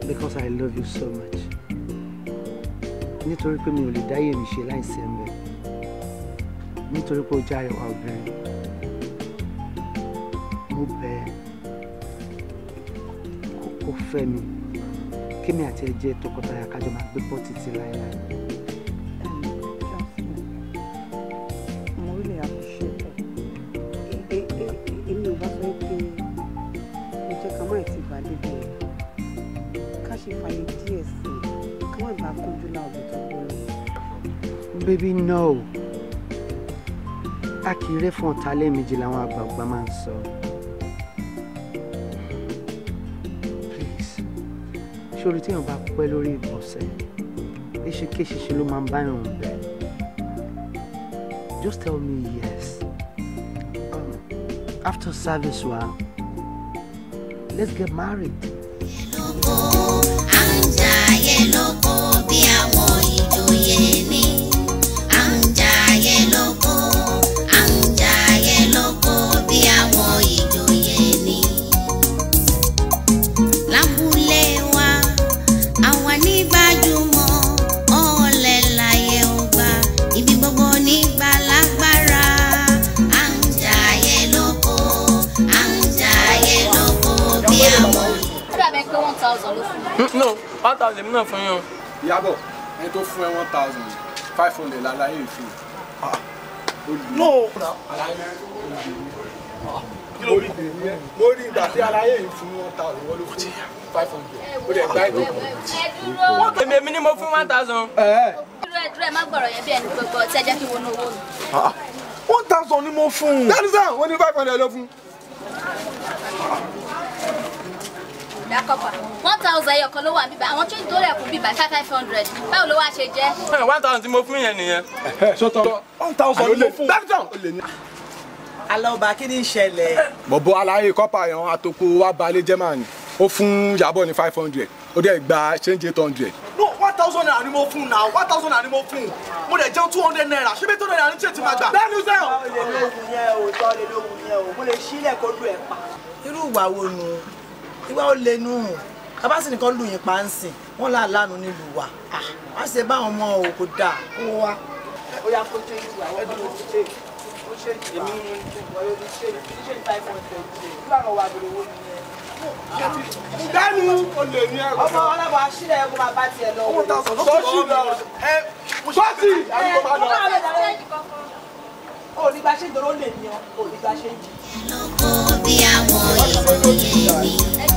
because I love you so much nítorí pé mi ò lè dáyé mi ṣe láìsí ẹ̀ mẹ́ nítorí pé o jẹ́ àrẹwà obìnrin mo bẹ̀ ẹ́ kó fẹ́ mi kémi àti ẹ jẹ́ tọkọtaya kájọ máa gbé pọ́ títí láéláé. mo rí lè yàtọ̀. ṣe fàyè díẹ̀ sí i kí wọ́n ìbá kójú láàbò tó kọ́ lọ. baby no a kì í rẹ́ fún ọ̀tá lẹ́ẹ̀mejì làwọn àgbààgbà máa ń sọ. please ṣorí tí èèyàn bá pẹ́ lórí ìbọ̀sẹ̀ èṣekéṣe ṣe ló máa ń bá ìrùn bẹ́ẹ̀ just tell me yes um, after service wa let's get married lóko à ń bí àwọn ìjọ. one thousand mi náà fún yín o. Ìyábọ̀ ẹni tó fún ẹ one thousand five hundred lálàyé ìfún ah. no mo rí ìgbà tí aláyé yìí fún one thousand wọ́n ló fún five hundred ó lè gba ìgbà. wọ́n kèmí èmi ni mo fún one thousand. irú ẹ dúró ẹ má gbọ̀rọ̀ yẹn bí ẹni gbogbo ọtí ẹ jẹ́ kí n wọnú owó mi. Ah. one thousand ni mo fún un. dáadé sáà wọ́n ní five hundred ló fún un one thousand ẹyọ kan ló wà bíbá àwọn to tó rẹ̀ kún bíbá five five hundred báwo ló wá ṣe one thousand tí mo fún yẹn nìyẹn. sọtọ one thousand ló fún un alọba kí ni ìṣẹ̀lẹ̀. bọ̀bọ̀ aláyé kọ́pà yan atoku wa bale germany O fún yàbọ̀ ni five hundred ó gba change eight hundred. no one thousand naira ni mo fún na one thousand naira ni mo fún mo dẹ̀ jẹun two hundred naira ṣé bí two hundred naira ní change ma gbà. lẹ́nu sẹ́wọ̀n. tọ́lẹ̀ lógun yẹn o tọ́lẹ̀ lógun yẹn o mo lè ṣílẹ̀ kó lu ẹ̀ pa. irú ìwà wo nù ìwà ò lè nù kábàásì nìkan lù yín pánsì wọn là lánù nílùú wa á ṣe báwọn ọmọ ò kò dáa kó wá. ó yà kó change wa wọ́n dúró ti change ó change èmi ń wọ́n yóò di change ní change five point twenty eight bí àwọn wà bèrè owó nìyẹn. Dánú olè ní ẹ̀rọ. Ọmọ ọlọ́mọ aṣílẹ̀ ẹ̀kọ́ máa bá tiẹ̀ lọ. Sọ́ọ̀ṣì lọ. Sọ́ọ̀ṣì àdúgbò máa lọ. Òní bá ṣe ń dọ̀rọ̀ lè ní ọ, òní bá ṣe ń jì. Lọ́kọ̀ọ́ bí àwọn èèyàn yẹn ní.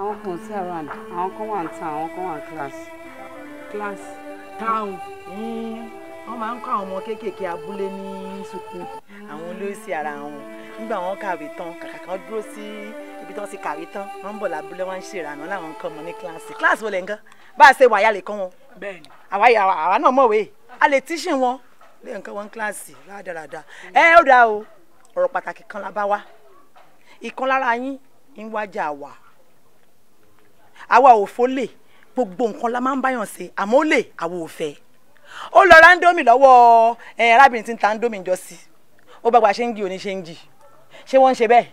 àwọn kan sí around àwọn kan wà ń ta àwọn kan wà ń class class town hmm. wọ́n máa ń kọ́ àwọn ọmọ kéékèèké abúlé ní sukùn àwọn olóòsì ara wọn nígbà wọn kàwé tán kàkà kan dúró sí ibi tí wọ́n ti kàwé tán wọ́n ń bọ̀ lábúlé wọn ń ṣèrànà láwọn nǹkan mọ̀ ní class. Class. wọlé nǹkan bá a ṣe wàyà lè kọ́ wọn àwa àwa náà mọ̀wé a lè tíṣìn wọn lè nǹkan wọn kíláàsì rádaràda ẹ ó dáa o ọ̀rọ̀ pàtàkì kan la bá wa ìkan lára yín ń wájà wà àwa ò fó lè gbogbo nǹkan la máa ń báyàn ṣe àmọ́ ó lè àwa ò fẹ́ ó lọ ra ńdómì lọ́wọ́ arábìnrin tí ń ta ńdómì jọ sí ó bá gba ṣé ń jì òní ṣé ń jì ṣé wọ́n ń ṣe bẹ́ẹ̀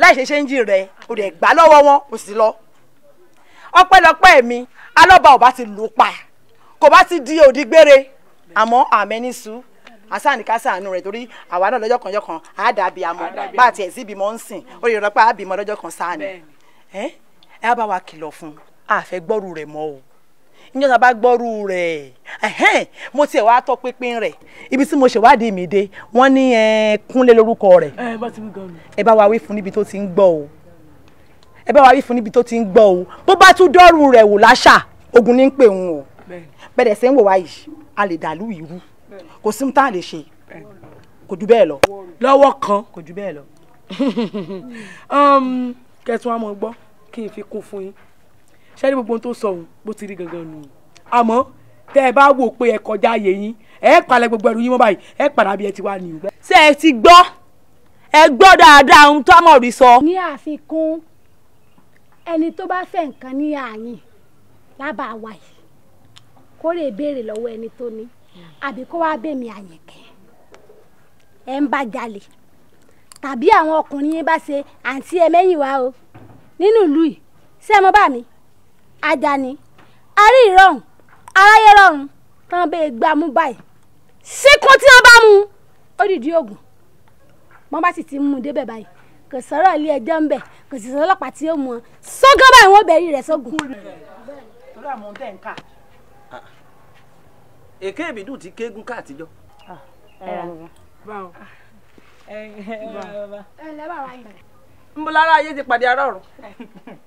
láì ṣe ṣé ń jì rẹ̀ O dẹ̀ gbà lọ́wọ́ wọn ó sì lọ ọpẹ́lọpẹ́ mi alọ́ba ò bá ti lù ú pa kò bá ti di òdìgbére àmọ́ àmẹ́nísù asáàní ká sàánú rẹ̀ torí àwa náà lọ́jọ́ kan lọ́jọ́ kan àádàbí àmọ́ bá a tiẹ̀ síbi mọ́ ń sìn ó lè rọ pé àbímọ lọ́jọ́ kan sáà ni ẹ bá wa kìlọ̀ fún a fẹ́ gbọ́rù rẹ̀ mọ́ o níjọ́ tá bá gbọ́rù rẹ̀ mo tiẹ̀ wá tọ́ pínpín rẹ̀ ibi tí mo ṣèwádìí mi dé wọ́n ní Kúnlé lórúkọ rẹ̀ ẹ bá wa wí fún níbi tó ti ń gbọ́ o ẹ bá wa wí fún níbi tó ti ń gbọ́ o bó bá tún dọ́rù rẹ̀ wò láṣà ogun ní ń pè wọn o bẹ̀rẹ̀ sẹ́ wò wáyìí a lè dàlú ìrú kò sí tá a lè ṣe kò jù bẹ́ẹ̀ lọ. lọ́wọ́ kan kò jù bẹ́ẹ̀ lọ. Um, kẹtùn àmọ́ gbọ́ kí n fi kún fún yín ṣé ní gbogbo ohun tó sọ òun bó ti rí gangan nù àmọ́ tẹ́ ẹ bá wò pé ẹ kọjá ààyè yín ẹ palẹ̀ gbogbo ẹrù yín mọ́ báyìí ẹ padà bí ẹ ti wá nìyí. ṣé ẹ ti gbọ́ ẹ gbọ́ dáadáa ohun tó àmọ̀ rí sọ. ní àfikún ẹni tó bá fẹ́ nǹkan ní àyìn lábàá wa yìí kó lè béèrè lọ́wọ́ ẹni tó ní àbí kó wá bèmí àyẹ̀kẹ́ ẹ ń bá jalè tàbí àwọn ọkùnrin yẹn bá ṣe àǹtí ẹ mẹ́yìn wá o nínú ìlú yìí ṣé ẹ mọ bá mi Àjàní arí ìrọ̀rùn aráyé rọrùn tán bẹ́ẹ̀ gbá mú báyìí síkún tí wọ́n bá mú ó dìdí ògùn wọ́n bá sì ti mú un débẹ̀ báyìí kò sọ̀rọ̀ ilé ẹjọ́ ń bẹ̀ kò sì sọ̀rọ̀ ọlọ́pàá tí ó mú ọ sọ́gán báyìí wọ́n bẹ̀rí rẹ̀ sógun. torí àwọn ọ̀dẹ́ ń kà. èké ìbídùn ti kéégún káàtijọ́. Ah, ẹ ẹ bá wa ẹ ẹ bá wa. ẹ ẹ bá wa yìí níbo lára ayé ti pàdé ará ọ̀run.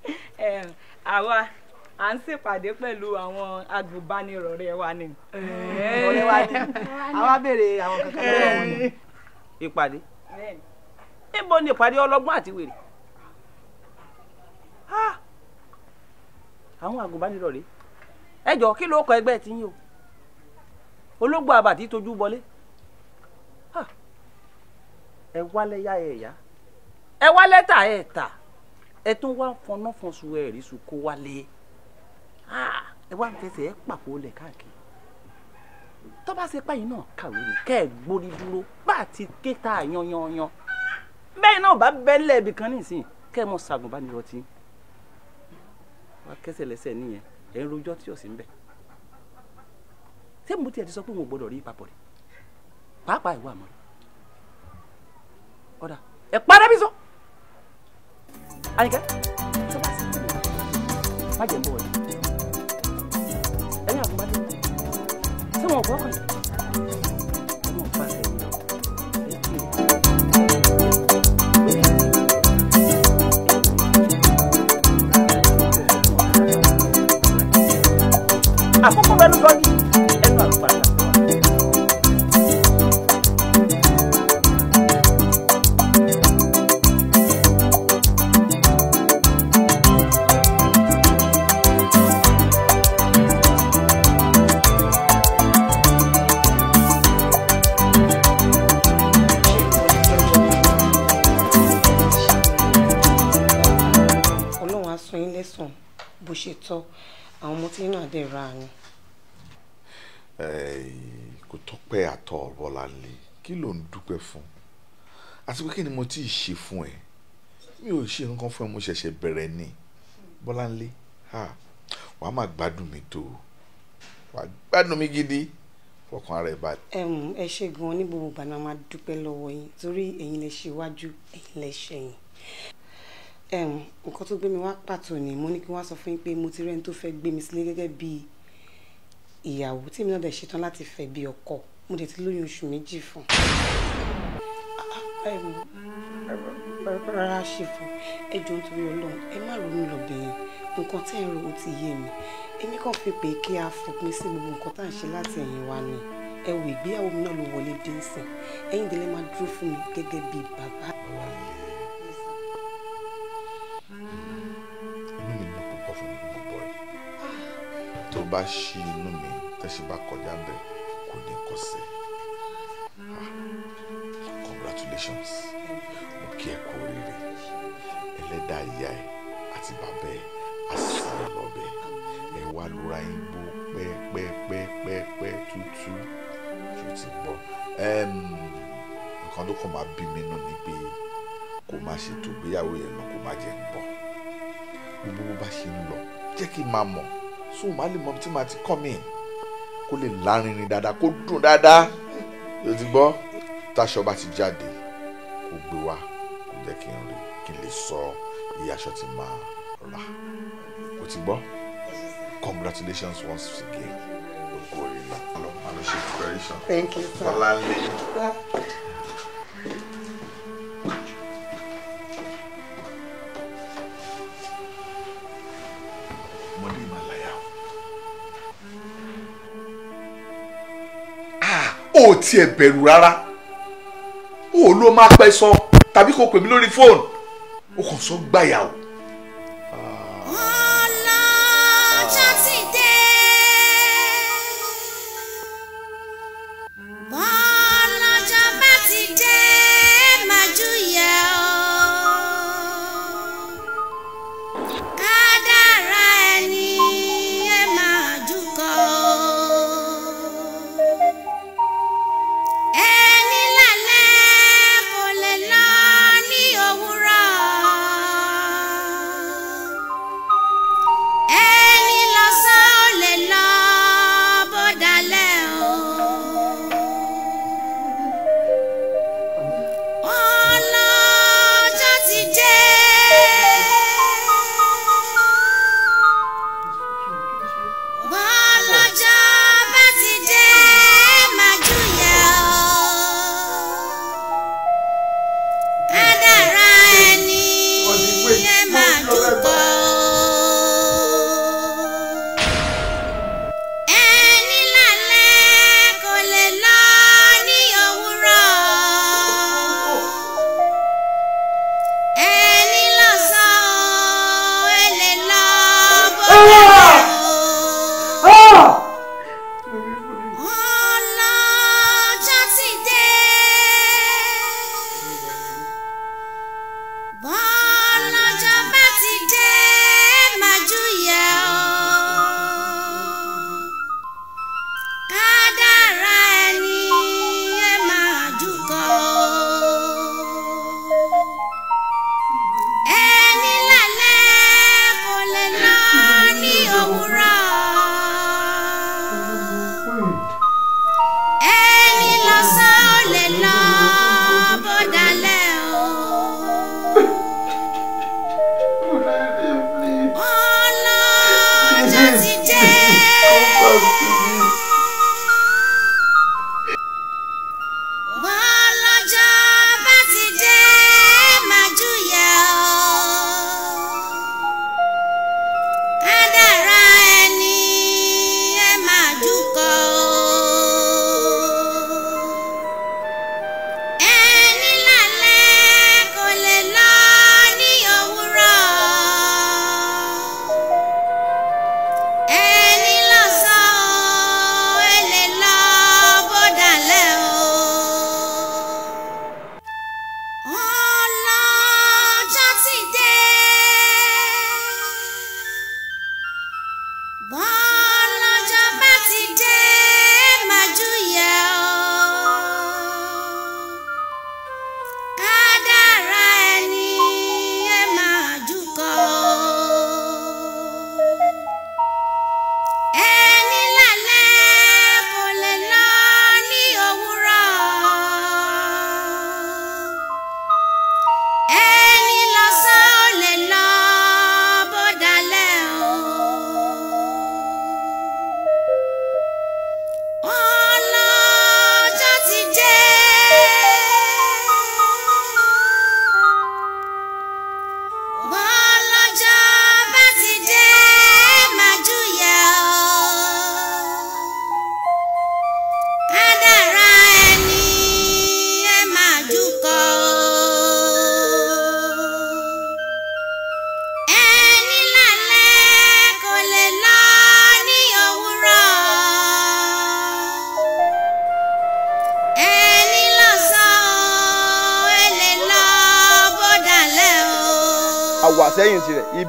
àwa à ń ṣèpàdé pẹ̀lú àwọn agùnbánirọ̀ rẹ̀ wa ni. ọ̀rẹ́ wa ni àwa béèrè àwọn kankan lọ́wọ́ wọn ni. ìpàdé níbo ni ìpàdé ọlọ́gbọ́n àti wèrè àwọn agùnbánirọ̀ rẹ̀ ẹ jọ kí ló kọ ẹgbẹ́ tí yín o ológbò àbàtì tójú bọlé ẹ wálé yá ẹ yá ẹ wá lẹ́tà ẹ̀ tà ẹ tún wá fọnà fọnṣu ẹ̀ rí su kó wálé ah, ẹ wá ń fẹsẹ̀ ẹ pàpò lẹ̀ káàkiri tó bá ṣe páyìn náà kàwé ni kẹ́ ẹ gbórí dúró bá a ti ké ta yanyanyan bẹ́ẹ̀ náà bá bẹ́lẹ̀ ibì kan nísìnyí kẹ́ ẹ mọ ṣàgùn bá nírọ̀ tí wá kẹ́sẹ̀ lẹ́sẹ̀ nìyẹn ẹ̀ ń rojọ́ tí ò sí ń bẹ̀ ṣé mo tiẹ̀ ti sọ pé mo gbọ́dọ̀ rí papọ̀ rẹ̀ pàápàá ìwà àmọ́ ọ̀dà ẹ̀ padà bí Àyìnkẹ́ tó bá sí tìlú má jẹ́ bọ̀ ẹ̀yìn àti bàtẹ́ ṣé Aku mau bantu wọn bá ṣe tọ́ àwọn ọmọ tí náà dẹ̀ ra ni. kò tọ́pẹ́ àtọ̀ Bọ́láńlé kí ló ń dúpẹ́ fún àti pé kí ni mo ti ṣe fún ẹ mi ò ṣe nǹkan fún ẹ mo ṣẹ̀ṣẹ̀ bẹ̀rẹ̀ ni Bọ́láńlé wàá máa gbádùn mi tó wàá gbádùn mi gidi fọkàn rẹ balẹ̀. ẹ̀mú ẹ ṣe gan-an ní gbogbo ìgbà náà máa dúpẹ́ lọ́wọ́ yín torí ẹ̀yin lè ṣe iwájú ẹ̀yin lè ṣẹ̀yìn nǹkan tó gbé mi wá pàtó ni mo ní kí wọ́n sọ fún yín pé mo ti rẹ́ni tó fẹ́ gbé mi sílé gẹ́gẹ́ bí ìyàwó tí mi náà dẹ̀ ṣetán láti fẹ́ bí ọkọ mo dẹ̀ ti lóyún oṣù méjì fún rárá ṣe fún ẹ jọ̀ọ́ nítorí Ọlọ́run ẹ má ronú lọ́bẹ̀ yẹn nǹkan tẹ́ ẹ rò ó ti yé mi èmi kàn fi pé kí a fòpin sí gbogbo nǹkan tá à ń ṣe láti ẹ̀yìn wa ni ẹ wò ìgbéyàwó mi náà ló wọlé dé ń sìn ẹ̀yìn ìdílé máa dúró fún mi gẹ́gẹ́ bíi bàbá. bá ṣí inú mi tẹ́sí bá kọjá bẹ̀ kò ní kọsẹ̀ congratulations mo kí ẹ kú oríire ẹlẹ́dàá ìyá ẹ àti bàbá ẹ àsìkò lọ́bẹ̀ ẹ wá lura yín gbó pẹ́ẹ́pẹ́ẹ́pẹ́ẹ́pẹ́ tútú tó ti gbọ́ nǹkan tó kàn máa bí mi nù ni pé kò má ṣètò ìgbéyàwó yẹn lọ kò má jẹ́ ń bọ̀ gbogbo bá ṣe ń lọ jẹ́ kí n máa mọ̀ so màá lè mọ ibi tí màá ti kàn mí kó lè lárinrin dáadáa kó dùn dáadáa ló ti gbọ́ táṣọ bá ti jáde kó gbé wá kó jẹ́ kí n rí kí n lè sọ iye aṣọ tí màá rà ó ti gbọ́ congratulations once again. Thank you, sir. ò tiẹ̀ bẹ̀rù rárá o ò ló máa pẹ́ sọ tàbí kò pè mí lórí fóònù o kàn sọ gbàyà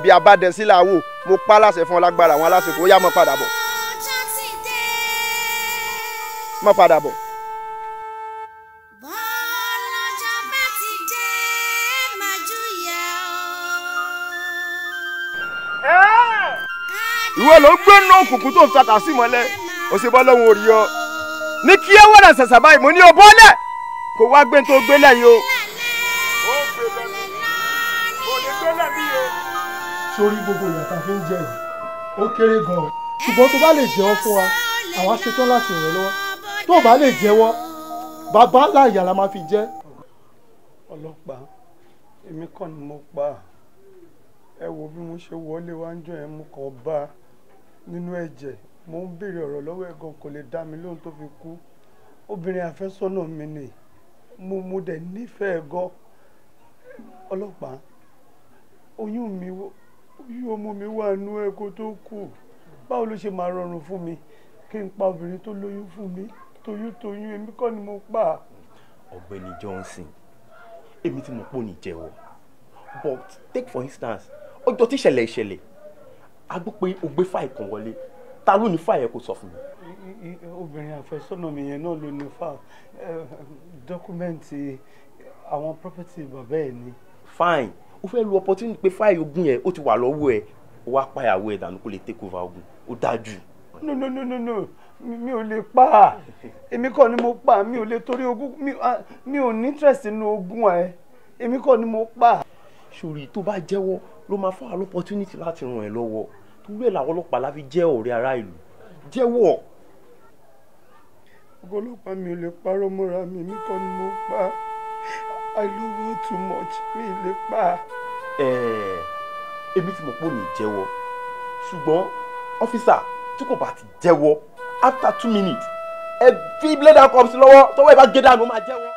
ibi abádẹ́sílà wò mo pa láṣẹ fún ọ lágbára àwọn aláṣẹ kò yá mọ́ padà bọ̀ mọ́ padà bọ̀. ìwọ ló ń gbé nínú òkùnkùn tó ń takà sí mọ́lẹ̀ ó ṣe bọ́ lọ́hùn orí ọ ní kí ẹ wọ̀nà ṣàṣà báyìí mo ní o bọ́lẹ̀ kò wá gbé tó gbé lẹ́yìn o. ó sórí gbogbo ìyàtà fi ń jẹ yìí ó kéré gan-an ṣùgbọ́n tó bá lè jẹ́wọ́ fún wa àwa ṣetán láti ràn ẹ́ lọ́wọ́ tó bá lè jẹ́wọ́ bàbá láàyè la máa fi jẹ́. ọlọ́pàá èmi kàn ni mo pa ẹ wo bí mo ṣe wọlé wá ń jọ ẹ mo kàn bá nínú ẹ̀jẹ̀ mo ń béèrè ọ̀rọ̀ lọ́wọ́ ẹ̀ gan kò lè dá mi lóhun tó fi kú obìnrin àfẹ́sọ́nà mi ni mo mo dẹ̀ nífẹ̀ẹ́ gan ọlọ́pàá oyún mi oyún ọmọ mi wà nú ẹ tó kù báwo ló ṣe máa rọrùn fún mi kí n pa obìnrin tó lóyún fún mi toyúntoyún èmi kọ́ ni mo pa. ọ̀gbẹ́ni Johnson èmi tí mo pò ní jẹ́wọ́ but take for instance ọjọ́ tí ìṣẹ̀lẹ̀ ìṣẹ̀lẹ̀ a gbọ́ pé o gbé fáì kan wọlé ta ló ní fáì yẹn kó sọ fún mi. obìnrin àfẹ́sọ́nà mi yẹn náà ló ní fáì eh, dọ́kúmẹ́ǹtì àwọn property bàbá ẹ̀ ni. fine o fẹ́ lu opportunity pé fáìlì ogun yẹn ó ti wà lọ́wọ́ ẹ̀ o wá pàyàwó ẹ̀ dànù kó lè take over ogun ó dájú. no no no no no mi ò lè pa á èmi kọ́ ni mo pa mi ò lè torí ogun mi ò ní interest nínú ogun ẹ̀ èmi kọ́ ni mo pa. sori tó bá jẹ́wọ́ ló máa fún àwọn opportunity láti ràn ẹ́ lọ́wọ́ torí ẹ̀ làwọn ọlọ́pàá la fi jẹ́ ọ̀rẹ́ ará ìlú jẹ́wọ́. ọgọ́ mi ò lè parọ́ mọ́ra mi èmi kọ́ ni mo pa I love you too much mi lè pa. èmi tí mo pò ní jẹ́wọ́ ṣùgbọ́n ọ́fíìsà tí kò bá ti jẹ́wọ́ after two minutes ẹ fi blade and cups lọ́wọ́ tọ́wọ́ ẹ bá gé dànù máa jẹ́wọ́.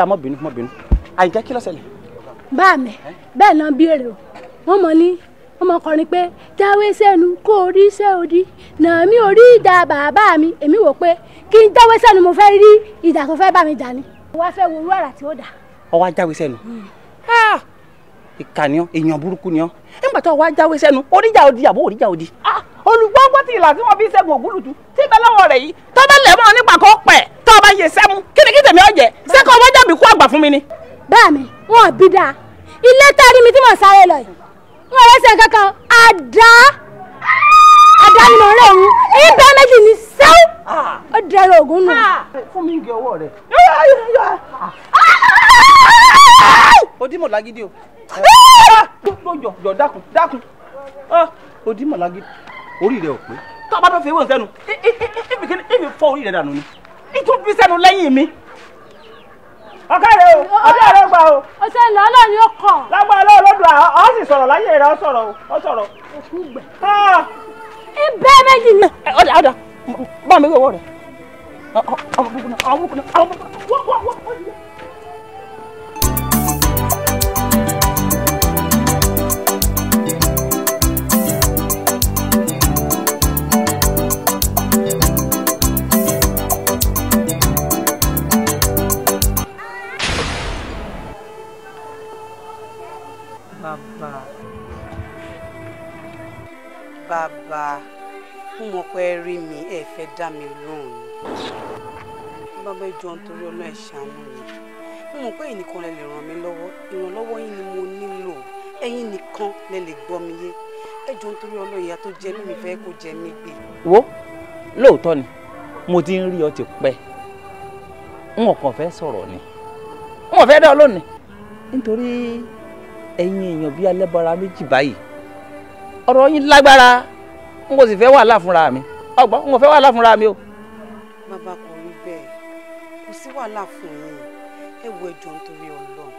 ọ̀dà mọ́ bínú mọ́ bínú àyìnkẹ́ kí ló ṣẹlẹ̀. bá mi bẹ́ẹ̀ náà béèrè o wọ́n mọ̀ ní wọ́n mọ̀ kọrin pé jáwé sẹ́nu kó o rí iṣẹ́ òdì náà mi ò rí ìdá bàbá mi èmi wò pé kí n jáwé sẹ́nu mo fẹ́ rí ìdá tó fẹ́ bá mi jà ni. wá fẹ́ wo orú àrà tí ó dà. ọwọ́ ajáwé sẹ́nu hmm. ah! ìkà ni ọ èèyàn burúkú ni ọ nígbà tó wá jáwé sẹ́nu oríjà òdì àbó oríjà òdì ah! olùgbọ́ngbọ́n ti ìlà tí wọ́n fi ṣẹ́gun ògúlùtù tí bẹ́ẹ̀ lọ́wọ́ rẹ̀ yìí fún mi ni. bá mi wọn ò bí dáa ilé tẹ́rí mi tí mò ń sáré lọ yìí wọn ò rẹ́sẹ̀ kankan àdá àdá ni mò ń rẹ̀ òun èyí bá méjì ní sẹ́wọ́ ó dẹrẹ ògùn nù. fún mi ń gé ọwọ́ rẹ. odimo lagidi o. jọ jọ dákun dákun odimo lagidi orí rẹ ò pé tó a bá fẹ́ fi ewé sẹ́nu ibi fọ́ orí rẹ dànù ni ìtúbí sẹ́nu lẹ́yìn mi ọ̀kẹ́rẹ́ o ọjọ́ rẹ gbà o. ọ̀sẹ̀ ìlà ọlọ́run yóò kọ̀. lágbára ọlọ́dún à ọ́ sì sọ̀rọ̀ láyé rẹ̀ ọ́ sọ̀rọ̀ ọ́ sọ̀rọ̀. òkú gbẹ. ibẹ̀ méjì ni. ọ̀dà ọ̀dà bá mi rí owó rẹ̀. ọ̀ọ́ Baba, mo mọ̀ pé ẹ rí mi ẹ fẹ́ dá mi lóhùn bàbá ìjọ nítorí ọ̀nà ẹ̀ ṣàánú mi mo mọ̀ pé ẹnìkan lè ràn mí lọ́wọ́ ìrànlọ́wọ́ yín ni mo nílò ẹ̀yin nìkan lè lè gbọ́ mi yé ẹ jọ nítorí ọ̀nà ìyá tó jẹ mí mi fẹ́ kó jẹ mí gbé. wo lóòótọ́ ni mo ti ń rí ọ ti pẹ́ n ò kàn fẹ́ sọ̀rọ̀ ni n ò fẹ́ dá ọ lónìí nítorí ẹ̀yin èèyàn bíi alẹ́bọra méjì báyìí ọ̀rọ̀ yín lágbára n kò sì fẹ́ wàhálà fúnra mi ọgbọ́n n kò fẹ́ wàhálà fúnra mi o. bàbá kò rí bẹ́ẹ̀ kò sí wàhálà fún yín ẹ wo ẹjọ́ nítorí ọlọ́run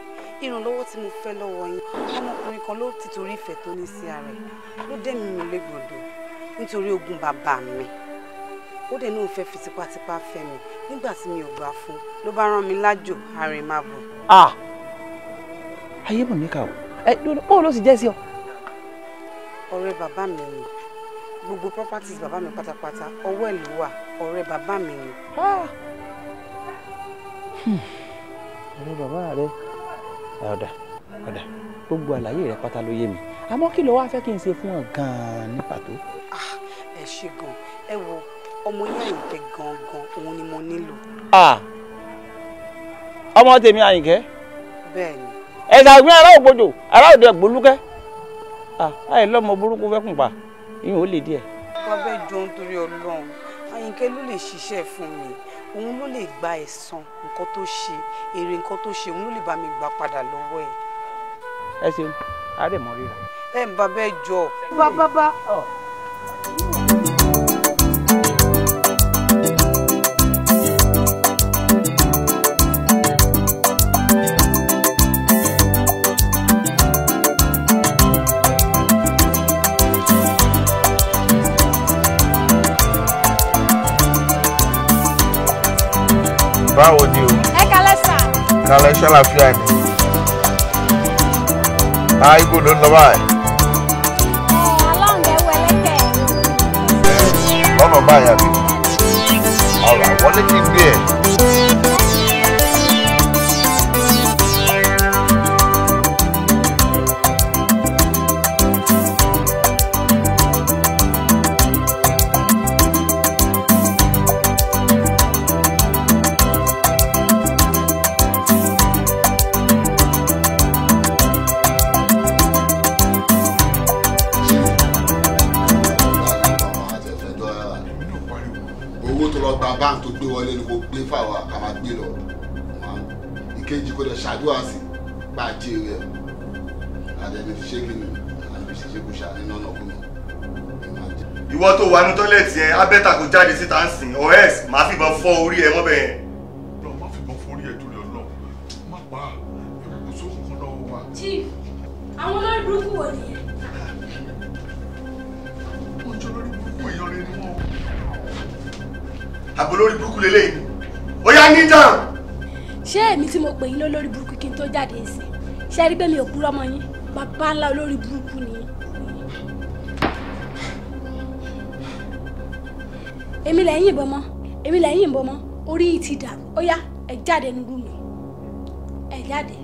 ìrànlọ́wọ́ tí mo fẹ́ lọ́wọ́ yín ọmọkùnrin kan ló ti torí ìfẹ́ tó ní sí ara ẹ̀ ló dé mi mi légbodò nítorí ogún bàbá mi ó dẹ̀ náà fẹ́ fi tipátipá fẹ́ mi nígbà tí mi ò gbà fún ló bá rán mi lájò àrèmábọ̀. Ah! ayé mọ̀ mi kà ẹ bó ló sì jẹ́ sí ọ ọ̀rẹ́ bàbá mi ni gbogbo properties bàbá mi pátápátá ọwọ́ ẹ̀ ló wà ọ̀rẹ́ bàbá mi ni. Ah! Hmm. ọ̀rẹ́ bàbá rẹ ah, ọ̀dà ọ̀dà gbogbo àlàyé rẹ pátá ló yé mi àmọ́ kí ló wá fẹ́ kí n ṣe fún ọ gan-an ní pàtó. Ah, ẹ ṣe gan ẹ wo ọmọ yín àyìnkẹ́ gangan òun ni mo nílò. ọmọ tèmi àyìnkẹ́. bẹ́ẹ̀ni. ẹ̀sà ìgbín ará ògbójò ará òde ẹ̀gbólúkẹ́ àì ah, lọ́mọ burúkú fẹ́kùn pa ìyẹn ò lè díẹ̀. wọ́n bẹ́ẹ̀ dùn torí ọlọ́run àyìnkẹ́ ló lè ṣiṣẹ́ fún mi òun ló lè gba ẹ̀san nǹkan tó ṣe èrè nǹkan tó ṣe òun ló lè bá mi gbà padà lọ́wọ́ ẹ̀. ẹ ṣeun àárẹ̀ mọ́ rírà. ẹ ń bá bẹ́ẹ̀ jọ. bá bá bá. báwo ni o. ẹ kalẹ sà. kalẹ ṣàlàfíà ni. a ibo ló ń lọ báyìí. ẹ aláǹdẹ wẹlẹkẹ. lọ́nà báyà bí. ọ̀rọ̀ àwọn létí gbé ẹ̀. gbàdúrà sí bá a jí rẹ̀ àdẹ̀mí ṣé kí ni àdẹ̀mí ṣe ṣe kó ṣe àdínà náà kú ìwọ tó wà ní tọ́lẹ̀tì yẹn abẹ́ta kò jáde síta ń sìn or else màá fìbọn fọ́ orí ẹ mọ́bẹ̀ yẹn. náà má fìbọn fọ́ orí ẹ torí ọlọ́run má pa ẹ̀kú sókun kan lọ́wọ́ wa. chief àwọn olórí burúkú wò nìyẹn. wọ́n jọ lórí burúkú èèyàn rẹ̀ ni wọ́n. àbò lórí burúkú lélẹ́yìn ó yá ní dáhùn ṣé èmi tí mo pè yín lólórí burúkú kí n tó jáde ẹsẹ̀ ṣe rí bẹ́ẹ̀ mi ò kúrọ́ mọ́ yín bàbá ńlá olórí burúkú ni èmi lẹ́yìn ìbọn mọ́ èmi lẹ́yìn ìbọn mọ́ orí ti dàrú ó yá ẹ jáde nínú mi ẹ jáde.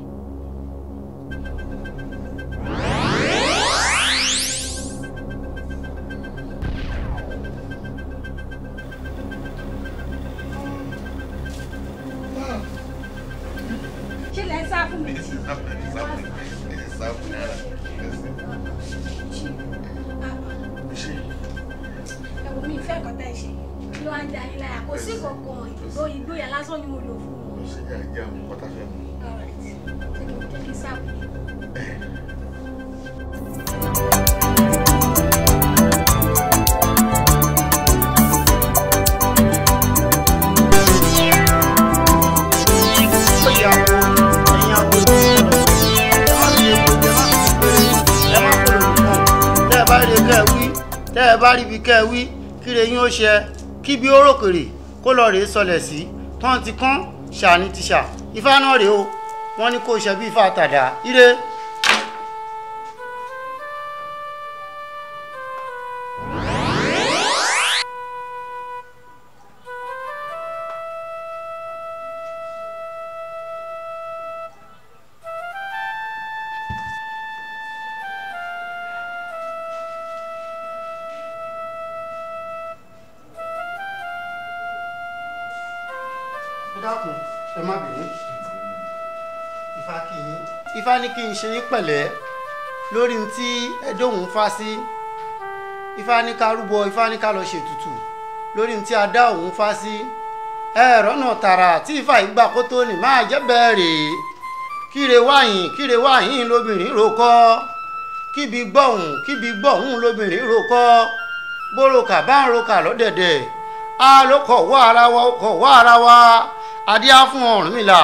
kẹ́ ẹ wí kíre yín ó ṣe kí bí ó ròkèrè kó lọ rèé sọlẹ̀ sí tán ti kán ṣàní ti ṣà ifá náà rèé o wọ́n ní kó ṣe bí ifá tàdá ire. n ṣe yín pẹ̀lẹ́ lórí ohun tí ẹjọ́ òun fà sí ifá ní ká rúbọ ifá ní ká lọ ṣètùtù lórí ohun tí adá òun fà sí ẹ̀rọ náà tààrà tí ifá yìí gbà kó tó ní máa jẹ́ bẹ̀rẹ̀ kíre wáyìn kíre wáyìn lóbìnrin rò kọ́ kíbi gbọ̀hùn kíbi gbọ̀hùn lóbìnrin rò kọ́ bórókà bá ń roka lọ́dẹ̀dẹ̀ a ló kọ̀ wá ara wa ó kọ̀ wá ara wa adíá fún Ọ̀rúnmìlà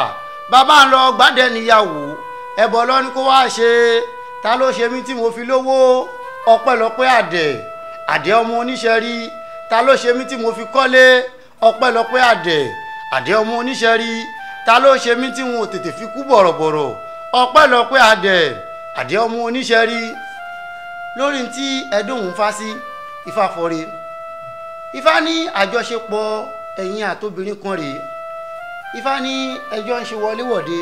bàbá ń lọ gbádẹ́ níyàwó ẹbọ lọ́ni kó wá ṣe ta ló ṣe mí tí mo fi lówó ọpẹ́lọpẹ́ àdẹ̀ àdẹ̀ ọmọ oníṣẹ́ rí ta ló ṣe mí tí mo fi kọ́lé ọpẹ́lọpẹ́ àdẹ̀ àdẹ̀ ọmọ oníṣẹ́ rí ta ló ṣe mí tí wọn ò tètè fi kú bọ̀rọ̀bọ̀rọ̀ ọpẹ́lọpẹ́ àdẹ̀ àdẹ̀ ọmọ oníṣẹ́ rí lórí tí ẹdùnún fa sí ifá fọre ifá ní àjọṣepọ̀ ẹ̀yin àtobìnrin kan rèé ifá ní ẹjọ́ ń ṣe wọléwọ̀de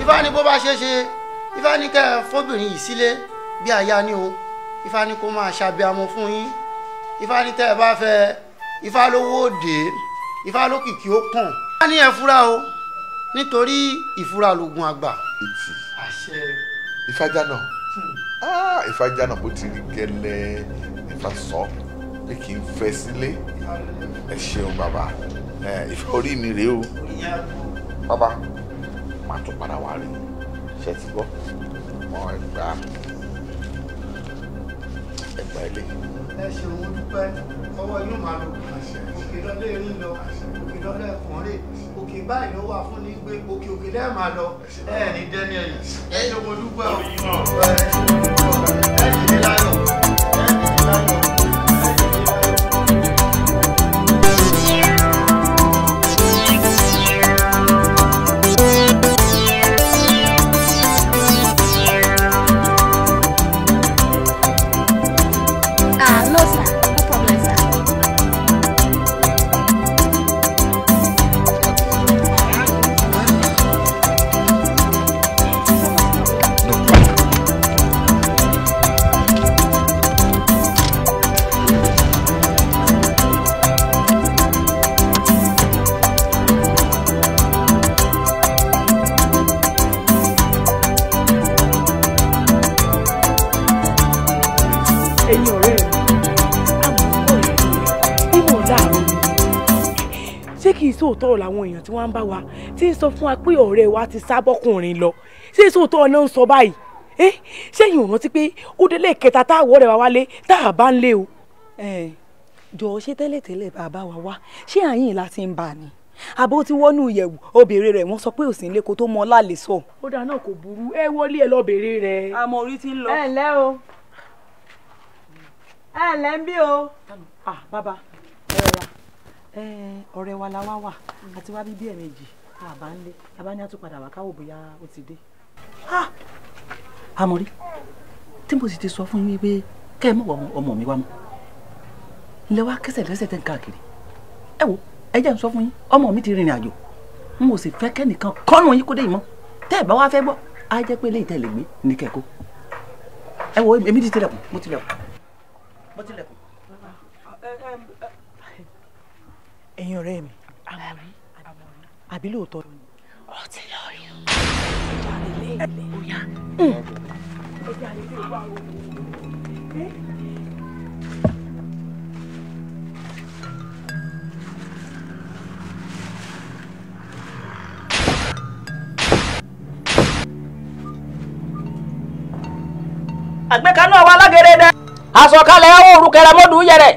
ifá ni bó bá ṣe ṣe ifá ní kẹ́ ẹ fọ́bìnrin yìí sílé bí aya ni o ifá ni kó máa ṣàbíamọ fún yín ifá ni tẹ́ ẹ bá fẹ́ ifá lówó dé ifá lókìkí ó kàn ifá ní ẹ fura o nítorí ìfura lògùn àgbà. àṣẹ. ìfajà náà ìfajà ah, náà bó ti rí gẹ́lẹ́ ìfà sọ pé kì í fẹ́ sílé ẹ ṣeun bàbá ìfẹ́ orí mi rèé o bàbá máa tún padà wá rí ṣe ti gbọ́ mọ ẹgbà ẹgbà ilé. ẹ ṣeun mo dúpẹ́ ọwọ́ yóò máa lò òkè lọ́lẹ́ erin lọ òkè lọ́lẹ́ ẹ̀kúnrẹ́ òkè báyìí ló wà fún ní gbé òkè òkè lẹ́ẹ̀ máa lọ ẹ̀ ní dẹ́ni ẹ̀yìn ẹ ṣeun mo dúpẹ́ ọ̀ ẹ̀ ṣe ní láyọ̀ ẹ̀ ṣe ní láyọ̀. sọ̀rọ̀ làwọn èèyàn tí wọ́n ń bá wa tí ń sọ fún wa pé ọ̀rẹ́ wa ti sábọ́kùnrin lọ ṣé sóòótọ́ ọ̀nà ń sọ báyìí ẹ ṣẹ́yìn ò rántí pé ó délé kẹta tá àwọ̀ rẹ̀ wá wálé tá a bá ń lé o. ẹ jọ̀ọ́ ṣé tẹ́lẹ̀tẹ́lẹ̀ bàbá wa wá ṣé àyìn láti ń bà ní àbó tí wọ́n nù yẹ̀wò obìnrin rẹ̀ wọ́n sọ pé òsín lẹ́kọ̀ọ́ tó mọ lálẹ́ sọ. ó dáa náà kò burú ẹ wọlé ẹ lọ́bẹ̀rẹ̀ ń lọ. o ẹ ǹlẹ́ ń bí o. Ah, bàbá ẹ rà ọ̀rẹ́ wa la wá wà àti mm. wá bíbí ẹ̀ẹ̀mejì àbá ń lé àbá ní àtúpadà wá káwọ́ bóyá ó ti dé. àmọ̀rí tí mo sì ti sọ fún yín pé kẹ́ ẹ mọ̀ ọmọ mi wá mọ́ ilé wa kẹsẹ̀ lẹ́sẹ̀ tẹ̀ ń káàkiri ẹ wo ẹ jẹ́ n sọ fún yín ọmọ mi ti rìnrìn àjò n ò sì fẹ́ kẹ́nìkan kọ́nù yín kó dé ìmọ̀ tẹ́ ẹ bá wá fẹ́ gbọ́ á jẹ́ pé léyìí tẹ́ lè gbé ní kẹ́kọ́ ẹ wo èmi ti tilẹ̀kùn mo tilẹ̀kùn mo tilẹ̀kùn ẹ̀yin ọ̀rẹ́ mi àmọ̀rí àbí lóòótọ́ ni. ó ti lọ rí o. ẹja rẹ lé ilé bóyá. ẹja rẹ lé wa o. àgbékanú ọwọ́ alágẹ̀rẹ̀ dẹ. àsọ̀kalẹ̀ ọwọ́ òrùkẹ̀rẹ̀ mọ́dù yẹrẹ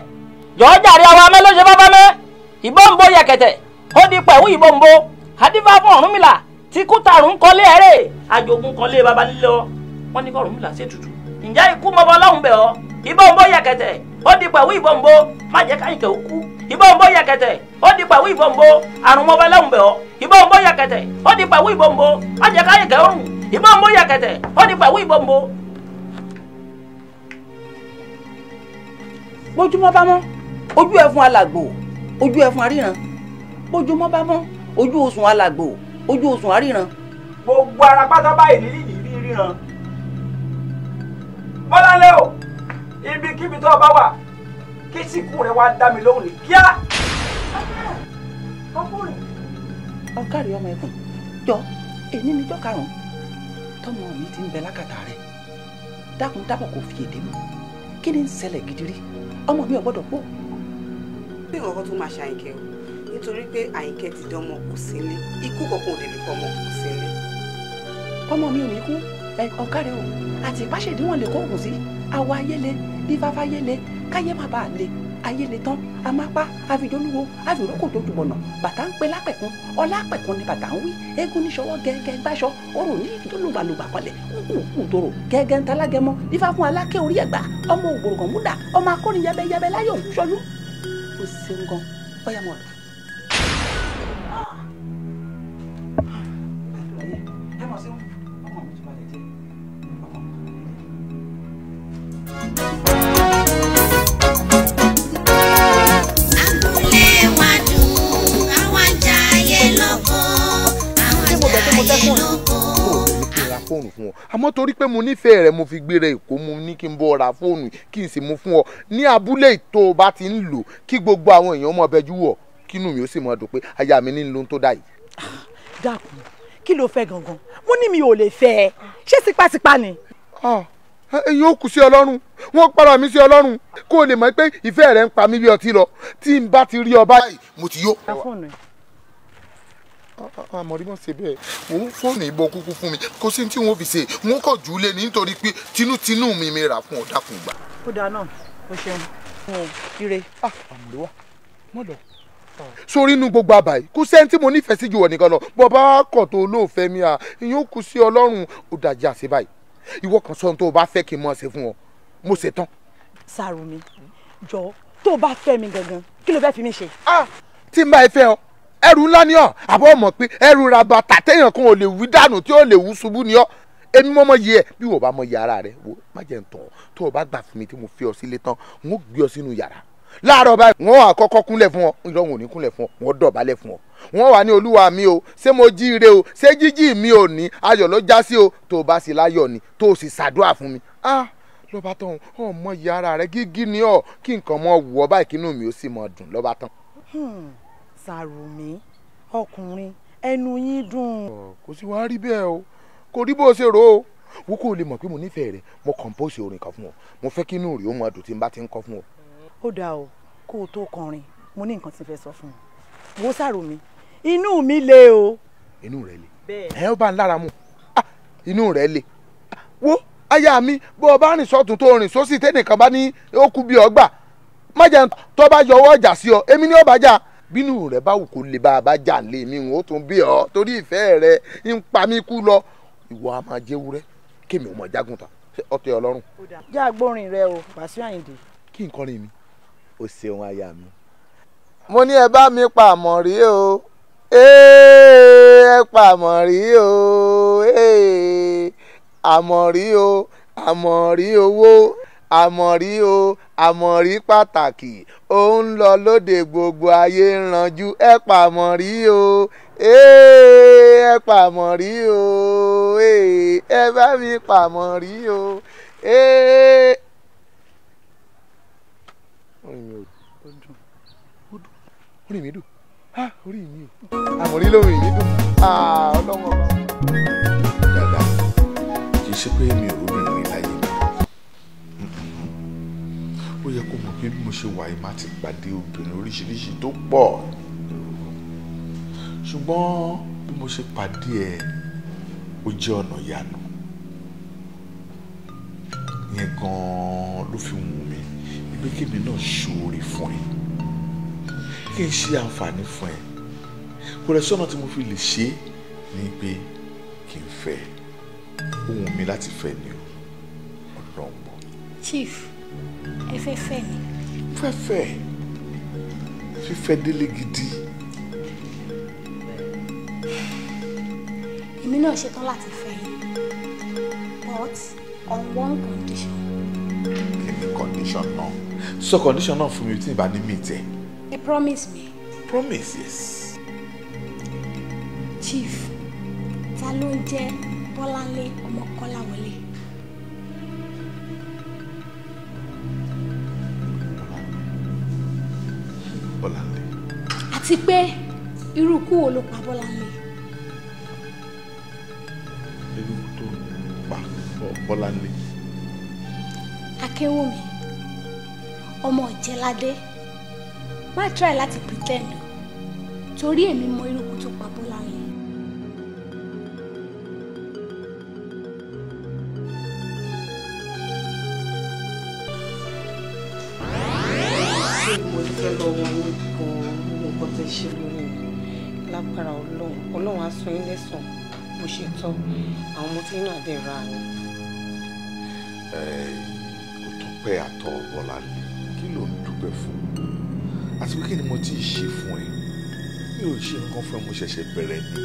jọ̀ọ́ jàre àwọn amẹ́lẹ́sẹ̀ bábámẹ́ ìbọn bo yẹ̀kẹ̀tẹ̀ ó di pẹ̀hún ìbọn bo àdífá fún Ọ̀rúnmìlà tí kútàrún kọ́lé ẹ̀rẹ́ àjogún kọ́lé baba líle ọ wọ́n ní kọ́ Ọ̀rúnmìlà ṣe tutù ǹjẹ́ ikú mọ́bọ ọlọ́run bẹ̀ ọ́ ìbọn bo yẹ̀kẹ̀tẹ̀ ó di pẹ̀hún ìbọn bo má jẹ́ káyìnkẹ́ ó kú ìbọn bo yẹ̀kẹ̀tẹ̀ ó di pẹ̀hún ìbọn bo àrùn mọ́bọ ọlọ́run bẹ̀ ọ́ ìbọn bo yẹ̀kẹ̀tẹ̀ ó di pẹ̀hún ìbọn má jẹ́ káyìnkẹ́ ó rùn ìbọn yẹ̀kẹ̀tẹ̀ ó di pẹ̀hún ìbọn bo. bójúmọ́ ojú ẹ̀ fún alàgbò ojú ẹfun aríran bójú mọ́ bá mọ́ ojú osùn alàgbò ojú osùn aríran. gbogbo ara pátá báyìí nílì yìí rí ríran. bọ́láńlé o ibikíbi tó o bá wà kí sìnkú rẹ wá dá mi lóhùn ní kíá. ọkùnrin ọkàrí ọmọ ẹkùn jọ èmi ni dọkàrún tọmọ mi ti ń bẹ lákàtà rẹ dákun dábọ̀ kò fi èdè mọ́ kí ni ń ṣẹlẹ̀ gidiri ọmọ mi ò gbọ́dọ̀ pọ̀ pé nǹkan tó máa ṣe àyìnkẹ́ o nítorí pé àyìnkẹ́ ti dán ọmọ kò sí ní ikú kankan ò lè lè kọ́ ọmọ kò sí ní. ọmọ mi ò ní kú ọ̀gá rẹ o àti ìbáṣẹ̀dínwọ̀n lè kó òògùn sí àwọ̀ ayéle bí fáfá yéle káyé má bàa le ayé le tán amápá àfijọ́lúwo àfìrókò tó dùbọ̀nà bàtà ń pe lápẹ̀kún ọlápẹ̀kún ni bàtà ń wí eégún ní sọwọ́ gẹ́gẹ́ gbáṣọ orò ní ìdólùbàlùbà kọlẹ̀ nkùnkùn tòrò gẹ́gẹ́ ń talágẹmọ nífà fún aláké orí ẹ̀gbá ọmọ ògbòròkàn múdà ọmọ akọrin yẹbẹyẹbẹ láyọ̀ òṣọlú o é amor. wọn àmọ́ torí pé mo nífẹ̀ẹ́ rẹ mo fi gbéra èkó mo ní kí n bọ́ ra fóònù kí n sì mú fún ọ ní abúlé tó o bá ti ń lò kí gbogbo àwọn èèyàn mọ ọbẹ̀jú wọ̀ kínú mi ó sì mọ dùn pé aya mi ní lóhun tó dà yìí. dákun kí ló fẹ́ gangan mo ní mi ò lè fẹ́ ẹ ṣé tipátipá ni. èyí ah, ó kù sí ọlọ́run wọ́n para mi sí ọlọ́run kó o lè mọ̀ pé ìfẹ́ rẹ̀ ń pa mí bí ọtí lọ tí n bá ti rí ọ báyìí mo ti yó àmọ̀rímọ̀ ṣe bẹ́ẹ̀ mò ń fóònù ìbọn kúkú fún mi kò sí tí wọ́n fi ṣe wọ́n kọ̀ jù ú lé ní nítorí pé tinútinú mi mi rà fún ọ̀dà fún gbà. ó dáa náà o ṣeun fún ọ ire. àmọ̀ríwá mọ̀ lọ. sórí inú gbogbo àbá yìí kò sẹ́ni tí mo nífẹ̀ẹ́ sí ju wọ̀ nìkan lọ bọ́bá kọ̀ tó olóòfẹ́ mi à ìyóò kù sí ọlọ́run ó dàjà sí báyìí ìwọ kan sọ tó o bá fẹ́ kí n mọ̀ ṣe fún mo ṣe tán. sàrùmí o bá fẹ́ mi gangan kí ló fẹ́ fi mi ṣe. ah tí n bá ẹ fẹ́ ọ ẹrù ńlá ni ọ àbọ̀ mọ̀ pé ẹrù raba tàtẹ́yàn kan ò lè wí dànù tí ó lè wú ṣubú ni ọ èmi mọ́ mọ́ yẹ ẹ bí wò bá mọ yẹ ara rẹ wò má jẹ́ ntọ́ tó o bá gbà fún mi tí mo fi ọ sílé tán n ó gbé ọ sínú yàrá láàárọ̀ báyìí wọ́n àkọ́kọ́ kúnlẹ̀ fún ọ ìrọ̀ wọn ò ní kúnlẹ̀ fún ọ wọ́n dọ̀bálẹ̀ fún ọ wọ́n wà ní olúwa mi o ṣé mo jí ire o ṣé jíjí mi ò ní ayọ̀ ló já sí o tó o bá sì láyọ̀ ni tó o sì ṣàdúrà fún mi. ah lọ́ba tán ọmọ ìyá ara rẹ gígí ni ọ kí nǹkan mọ wù ọ báyìí kínú mi ó sì mọ dùn lọ́ba tán. Hmm. Sàrùmí ọkùnrin ẹnu yín dùn. kò sí wàá rí bẹ́ẹ̀ o kò rí bó ṣe rò ó wọ́n kò lè mọ̀ pé mo nífẹ̀ẹ́ rẹ̀ mo compose orin kan fún ọ mo fẹ́ kí inú rẹ̀ ó mọ adùn tí n bá ti ń kọ́ fún ọ. ó dáa o kó o tó kọrin mo ní nǹkan tí n fẹ́ sọ fún ọ wo Sàrùmí inú mi le o. inú rẹ le ẹ ó bá ń lára mu ah, inú rẹ le ah, wo aya mi bó o bá rìn sọ́tún tó rìn sósì tẹ́nìkan bá ní ó kú bí ọgbà má jẹun tó bá yọwọ́ ọjà sí ọ èmi ni ó bá jà bínú rẹ báwo kò lè bá a bá jà lé mi ò tún bí ọ torí ìfẹ́ rẹ ń pa mí kú lọ ìwọ a máa jẹ́wúrẹ́ kémi ò mọ̀ jágun ta ọtẹ ọlọ́run. já agbórin rẹ o Wàsíù Àyìndé. kí n kọrin mi o ṣeun aya mi. mo ní ẹ bá mi pa àmọ̀ rí o ẹ pa àmọ̀ rí o àmọ̀ rí o àmọ̀ rí owó àmọ̀rí o àmọ̀rí pàtàkì ó ń lọ lóde gbogbo ayé ń ranjú ẹ pàmọ̀rí o eh, ẹ pàmọ̀rí o eh, ẹ bá mi pàmọ̀rí o. Eh. orí mi dùn ah, orí mi dùn àmọ̀rí lórí mi dùn ọlọ́wọ́ kì í ṣe pé mi ò rò yẹ kó mọ̀ pé bí mo ṣe wà yìí má ti pàdé obìnrin oríṣiríṣi tó pọ̀ ṣùgbọ́n bí mo ṣe pàdé ẹ̀ ó jẹ́ ọ̀nà ìyanu yẹn gan-an ló fi wù mí pé kèmí náà ṣoore fún ẹ kí n ṣe àǹfààní fún ẹ kò lè sọ́nà tí mo fi lè ṣe ni pé kí n fẹ́ ohun mi láti fẹ́ ni o ọ̀dọ́ ń bọ̀. chief ẹ fẹ́ fẹ́ mi. fẹ́fẹ́ fífẹ́ délé gidi. èmi náà ṣetán láti fẹ́ yín but on one condition. kí ni condition náà So condition náà fún mi tí ìbá ní mi tẹ. ẹ promise me. promise yes. chief ta ló ń jẹ́ bọ́láńlé ọmọkọ́láwọlé. àti pé irú ikú wo ló pa Bọ́lá ńlẹ̀. irú tó pa Bọ́lá ńlẹ̀. Akéwùmí ọmọ Ìjẹ́ládé má try láti pretend torí èmi mọ irú ikú tó pa Bọ́lá. sùn bó ṣe tọ́ àwọn ọmọ tí náà dẹ̀ ra ni. ẹ kò dúpẹ́ àtọ̀ bọ́lá kí ló ń dúpẹ́ fún àti pé kí ni mo ti ṣe fún ẹ mi ò ṣe nǹkan fún ẹ mo ṣẹ̀ṣẹ̀ bẹ̀rẹ̀ ni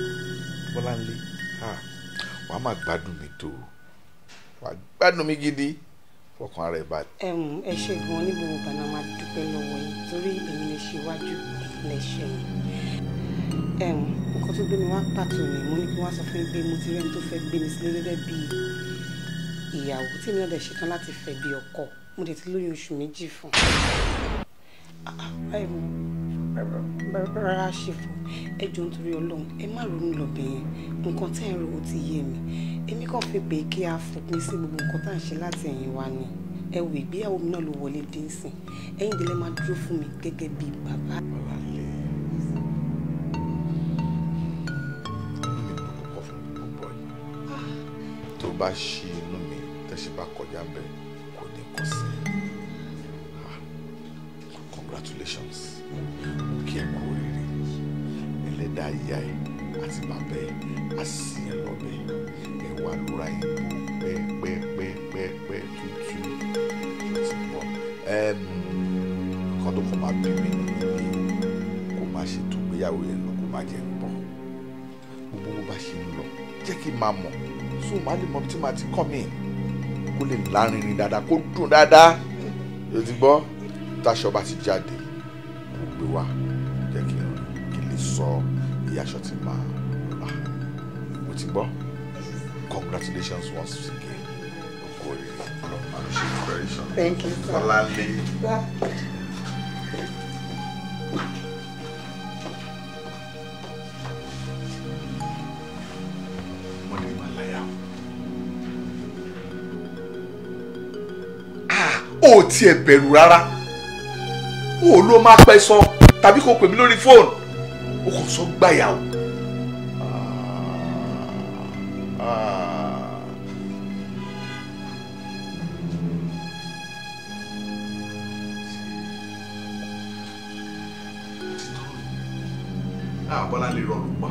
bọ́láńlé wàá máa gbádùn mi tó wàá gbádùn mi gidi fọkàn ara ẹ balẹ̀. ẹ ṣe gan ní gbogbo ìgbà máa dúpẹ́ lọ́wọ́ yìí torí èyí lè ṣe iwájú lè ṣe ẹ nǹkan tó gbé mi wá pàtó ni mo ní kí wọ́n sọ fún mi pé mo ti rẹ́ni tó fẹ́ gbé mi sílé gẹ́gẹ́ bí ìyàwó tí mi náà dẹ̀ ṣetán láti fẹ́ bí ọkọ mo dẹ̀ ti lóyún oṣù méjì fún rárá ah, ṣe fún ẹ nítorí Ọlọ́run ẹ má ronú lọ́bẹ̀ yẹn nǹkan tẹ́ ẹ̀ ro ó ti yé mi èmi kàn fi pé kí a fòpin sí gbogbo nǹkan tá à ń ṣe láti ẹ̀yìn wa ni ẹ wò ìgbéyàwó mi náà ló wọlé dé ń ẹ̀yìn ìdílé bá ṣí inú mi tẹ́sí bá kọjá ń bẹ kò ní kọsẹ̀ congratulations mo kí ẹ kú oríire ẹlẹ́dàá ìyá ẹ àti bàbá ẹ á sì ẹ lọ́bẹ ẹ wà lóra ìbò pẹ́ẹ́pẹ́ẹ́pẹ́ẹ́pẹ́ tútù tútù pọ̀ nǹkan tó kọ́ máa bí mi nìyí kó má ṣe tó gbéyàwó yẹn lọ kó má jẹ́ ń bọ̀ gbogbo bó bá ṣe ń lọ jẹ́ kí n máa mọ̀ so màá lè mọ bí tí màá ti kàn mí kó lè lárinrin dáadáa kó dùn dáadáa yóò ti gbọ́ táṣọ bá ti jáde kó gbé wá jẹ́ kí n lè sọ iye aṣọ tí màá rà mo ti gbọ́ congratulations once again. Thank you. Sir. o ò tiẹ̀ bẹ̀rù rárá o ò ló máa pẹ́ sọ tàbí kò pè mí lórí fóònù o kò sọ gbàyà o. àbọ̀lá ah, lè rọrùn pa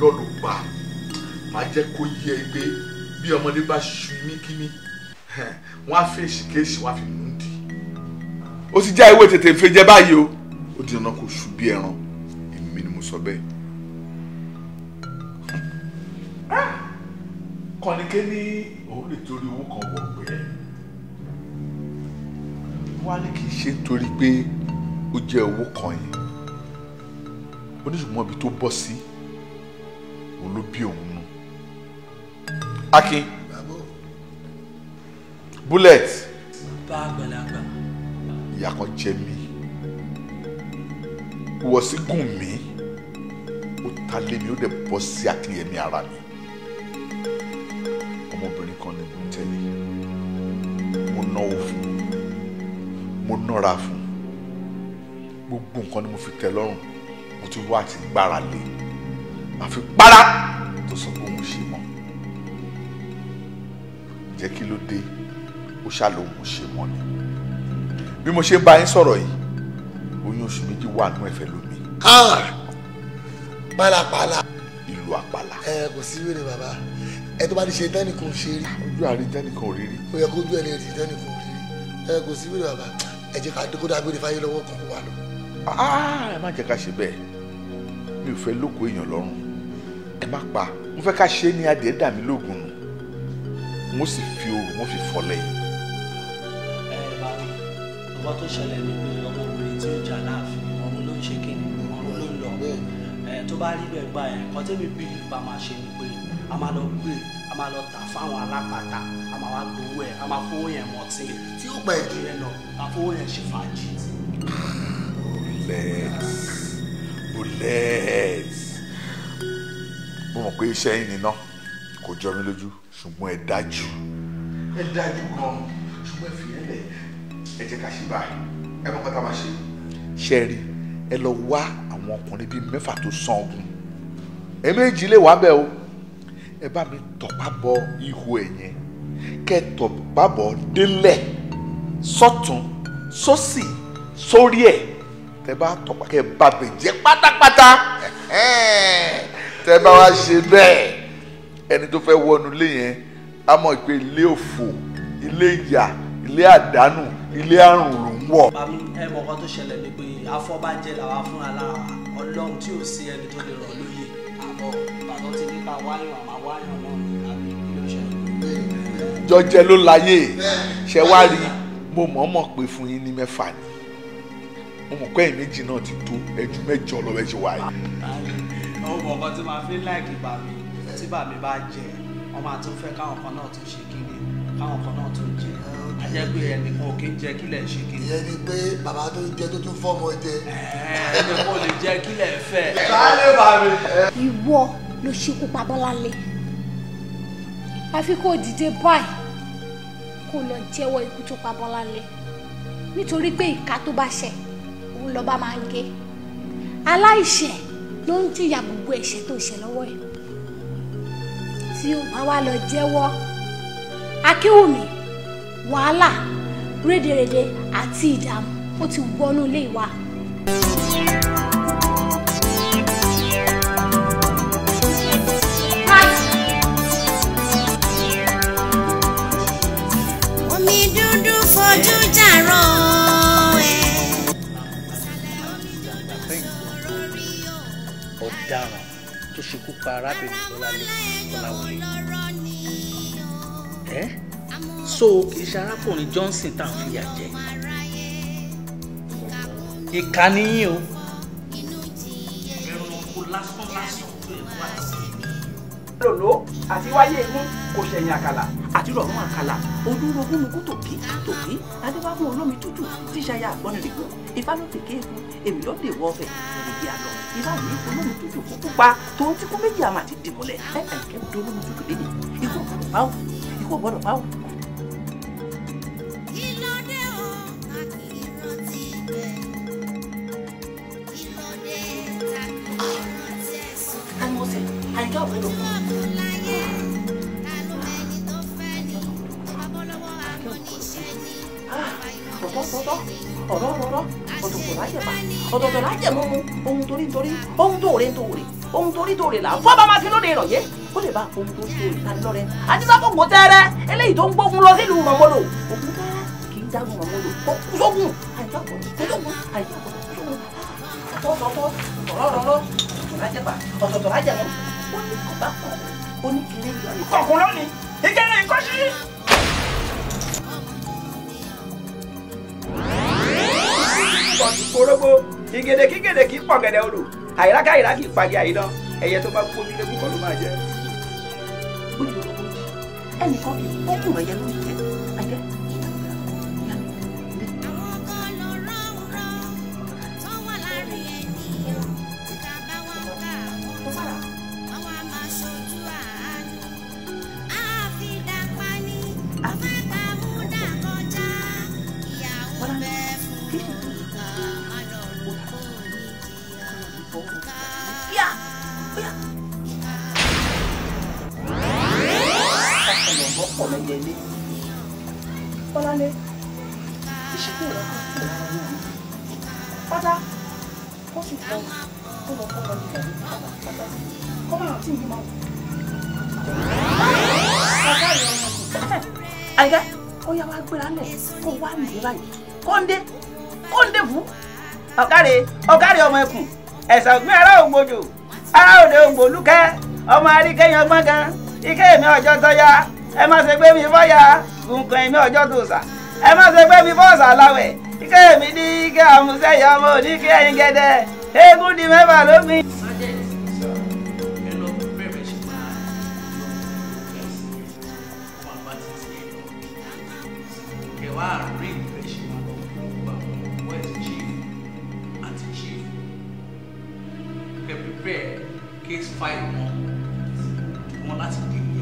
lọ́dún pa má jẹ́ kó yẹ ẹgbẹ́ bí ọmọdé bá ṣu ní kíní wọ́n á fèsì kéèsì wọ́n á fi nù ú dì ó ti já ewé tètè fẹ́ jẹ báyìí o ó di ọ̀nà kò sùn bí ẹran èmi ni mo sọ bẹ́ẹ̀. Ah! kọ́nìké ní òun lè torí owó kan wọ̀ pé wọ́n á ní kì í ṣe torí pé ó jẹ́ owó kan yẹn oníṣùgbọ́n ibi tó bọ́ sí òun ló bí òun nù. akin bullet. bá àgbàlagbà. ìyá kan jẹ mí wọ sí gùn mí ó ta lé mi ó dẹ̀ bọ́ sí akínyẹmí ara mi ọmọbìnrin kan ni mo tẹ̀lé mo náwó fún mo nọ́ra fún gbogbo nǹkan ni mo fi tẹ́ lọ́rùn mo ti wá àti gbára lé àfi para tó sọ pé òun ṣe mọ́ jẹ́ kí ló dé ó ṣàlòun mo ṣe mọ́ ni bí mo ṣe bá yín sọ̀rọ̀ yìí oyún oṣù méjì wà nínú ẹ̀fẹ̀ lómi. Ah! pálapàla. ìlú àpàlà. ẹ kò sí wèrè bàbá ẹ tó bá ti ṣe tẹ́nìkan ṣe rí. ojú àárín tẹ́nìkan ò rí rí. ó yẹ kó ojú ẹ̀ lè rí tẹ́nìkan ò rí rí ẹ kò sí wèrè bàbá ẹ jẹ́ ká dókòdó agbèrè fáyé lọ́wọ́ kan wà lọ. Ah! ẹ má jẹ́ ká ṣe bẹ́ẹ̀ mi ò fẹ́ lóko èèyàn lọ́rùn ẹ má pa mo fẹ́ ká ṣe é ní adìẹ dàmí lóògùn nù mo sì fi oòrùn mo fi fọ́lẹ̀ yìí nǹkan tó ṣẹlẹ̀ ni pé ọmọbìnrin tí ó jà láàfin ọ̀run ló ń ṣe kí ni ọ̀run ló ń lọ tó bá rí bẹ́ẹ̀ gbà ẹ̀ kọ́ tẹ́mi bí ipa máa ṣe ni pé a máa lọ gbé a máa lọ tà fáwọn alápàtà a máa wá gbowó ẹ̀ a máa fowó yẹn mọ̀ tí tí ó pẹ́ jù yẹn lọ a fowó yẹn ṣe fàájì. bullet bullet mo mọ̀ pé iṣẹ́ yín ni náà kò jọ mí lójú ṣùgbọ́n ẹ dájú ẹ dájú gan-an ẹ jẹ́ ká ṣe báyìí ẹ mọ̀ pátá máa ṣe. ṣe rí ẹ lọ wá àwọn ọkùnrin bíi mẹ́fà tó san ogun ẹ méjì lè wá bẹ́ẹ̀ o ẹ bá mi tọ̀pá bọ ihò ẹ̀ yẹn kẹ́ tọ̀pá bọ̀ délẹ̀ sọ́tún sósì sórí ẹ̀ tẹ bá tọ̀pá kẹ́ bá bẹ̀ jẹ́ pátápátá tẹ bá wá ṣe bẹ́ẹ̀ ẹni tó fẹ́ wọnú ilé yẹn á mọ̀ pé ilé òfò ilé ìyà ilé àdánù ilé àrùn ló ń wọ̀. màmí ẹ mọ ọkọ tó ṣẹlẹ̀ ni pé afọbajẹ làwa fúnra lára ọlọ́run tí ò sí ẹni tó lè ràn lóye àmọ́ bàtọ́ ti nípa wáyọ̀ àmà wáyọ̀ náà àbí ló ṣẹlẹ̀. jọjẹ ló láyé ṣe wá rí mo mọ̀ọ́mọ̀ pé fún yín ní mẹ́fà ni mo mọ̀ pé ẹ̀yìn méjì náà ti tó ẹjú mẹ́jọ lọ́wọ́ ẹ̀jẹ̀ wáyé. ọmọ ọkọ tí màá fi láìkì bàmí tí bàmí bá jẹ ọmọ àti káwọn kan náà tún ṣe kí káwọn kan náà tún jẹ ajẹ́ pé ẹnìkan ò kí ń jẹ kílẹ̀ ṣe kí. ìyẹn ni pé bàbá tó ń jẹ tó tún fọ́ọ̀mù jẹ. ẹnìkan ò lè jẹ kílẹ̀ fẹ́. baálé bàbá. ìwọ ló ṣekú pa Bọ́láńlé àfi kó dìde báyìí kó lọ jẹ́wọ́ ikú tó pa Bọ́láńlé nítorí pé ìka tó bá ṣẹ̀ òun lọ́ba máa ń gé aláìṣẹ̀ ló ń jìyà gbogbo ẹ̀ṣẹ̀ tó ṣẹ̀ lọ́wọ́ ẹ̀ tí ó bá wá lọ jẹ́wọ́ Akíwùmí wàhálà rédèrèdè àti ìdààmú ó ti wọnú ilé ìwà. omi dúdú fojú jàrọ ẹ. ọ̀daràn tó ṣekú pa arábìnrin lọ́lá lé kọ́láwọlé so kì í ṣe arákùnrin Johnson tá a fìyà jẹ ìka níyìn o ẹranko lásán lásán tó ẹ wá sí. lòló àti wáyé igun kò ṣẹ̀yìn àkàlà àti rọ̀rùn àkàlà olúrogún ni kó tòkí tòkí adébáfún olómi tútù tíṣayà àgbọnrìngún ifá ló fi kéèkún èmi ló dè wọ́ ọ̀fẹ́ ìrèdí àlọ́ ifá mi olómi tútù kó pupa tòun tí kú méjì àmà ti dìbò lẹ̀ ẹ̀ ẹ̀ kẹ́ dolómi tútù lédè ikú ọ̀gbọ́dọ̀ pa ó ikú ọ̀gbọ́dọ̀ pa ó ọ̀tọ̀ọ̀tọ̀ là á jẹ̀mọ́ ohun ohun torí nítorí ohun tó rè ń tó rè ohun torí tó rè là á fọ́ bá máa ti lóde ìrọ̀yẹ́ ó lè bá ohun tó tó rè tani lọ́rẹ́ àdìsáfò wò tẹ́rẹ́ eléyìí tó ń gbógun lọ sílùú mọ̀mọ́lò òkú tẹ́rẹ́ kì í dágun mọ̀mọ́lò ó kú sógun àìjákòó kú sógun àìjákòó kú sógun àtọ́sọ́tọ́ rọ́rọ́rọ́ ọ̀tọ̀ọ̀tọ̀ lá jẹ̀pà ọ̀tọ̀ọ̀tọ̀ lá jẹ̀mọ́ ó ní kọ̀ọ̀bá kọ̀ ó ní kiri ìyọ̀nì. kọ̀ọ̀kùn lónìí ìkẹrin ìkọ́sí. Pode pôr a boca. Igede, kígèdè kì í pọ̀ gẹ̀dẹ̀ odò àyíráká àyíráká ìpàgé àyíná ẹ̀yẹ tó bá kú omi lẹ́kùn kan ló máa jẹ. ẹnìkan kì í pọ́kùn ẹ̀yẹ lórí ọ̀kárí ọmọ ẹkùn ẹ̀sà ògbìn ará ògbòjò ará òde ògbòlúkẹ́ ọmọ aríkẹ́yìn ọgbọ́n gan ike èmi ọjọ́ tọ́yá ẹ má ṣe gbé mi fọ́yà nǹkan èmi ọjọ́ tó sà ẹ má ṣe gbé mi fọ́ọ̀sà láwẹ̀ ike èmi ní ike àmúṣẹ́yà ọmọ òní ike ẹ̀yìn gẹ́dẹ́ eégún di mẹ́fà lómi. prepare case five more, wọ́n láti dé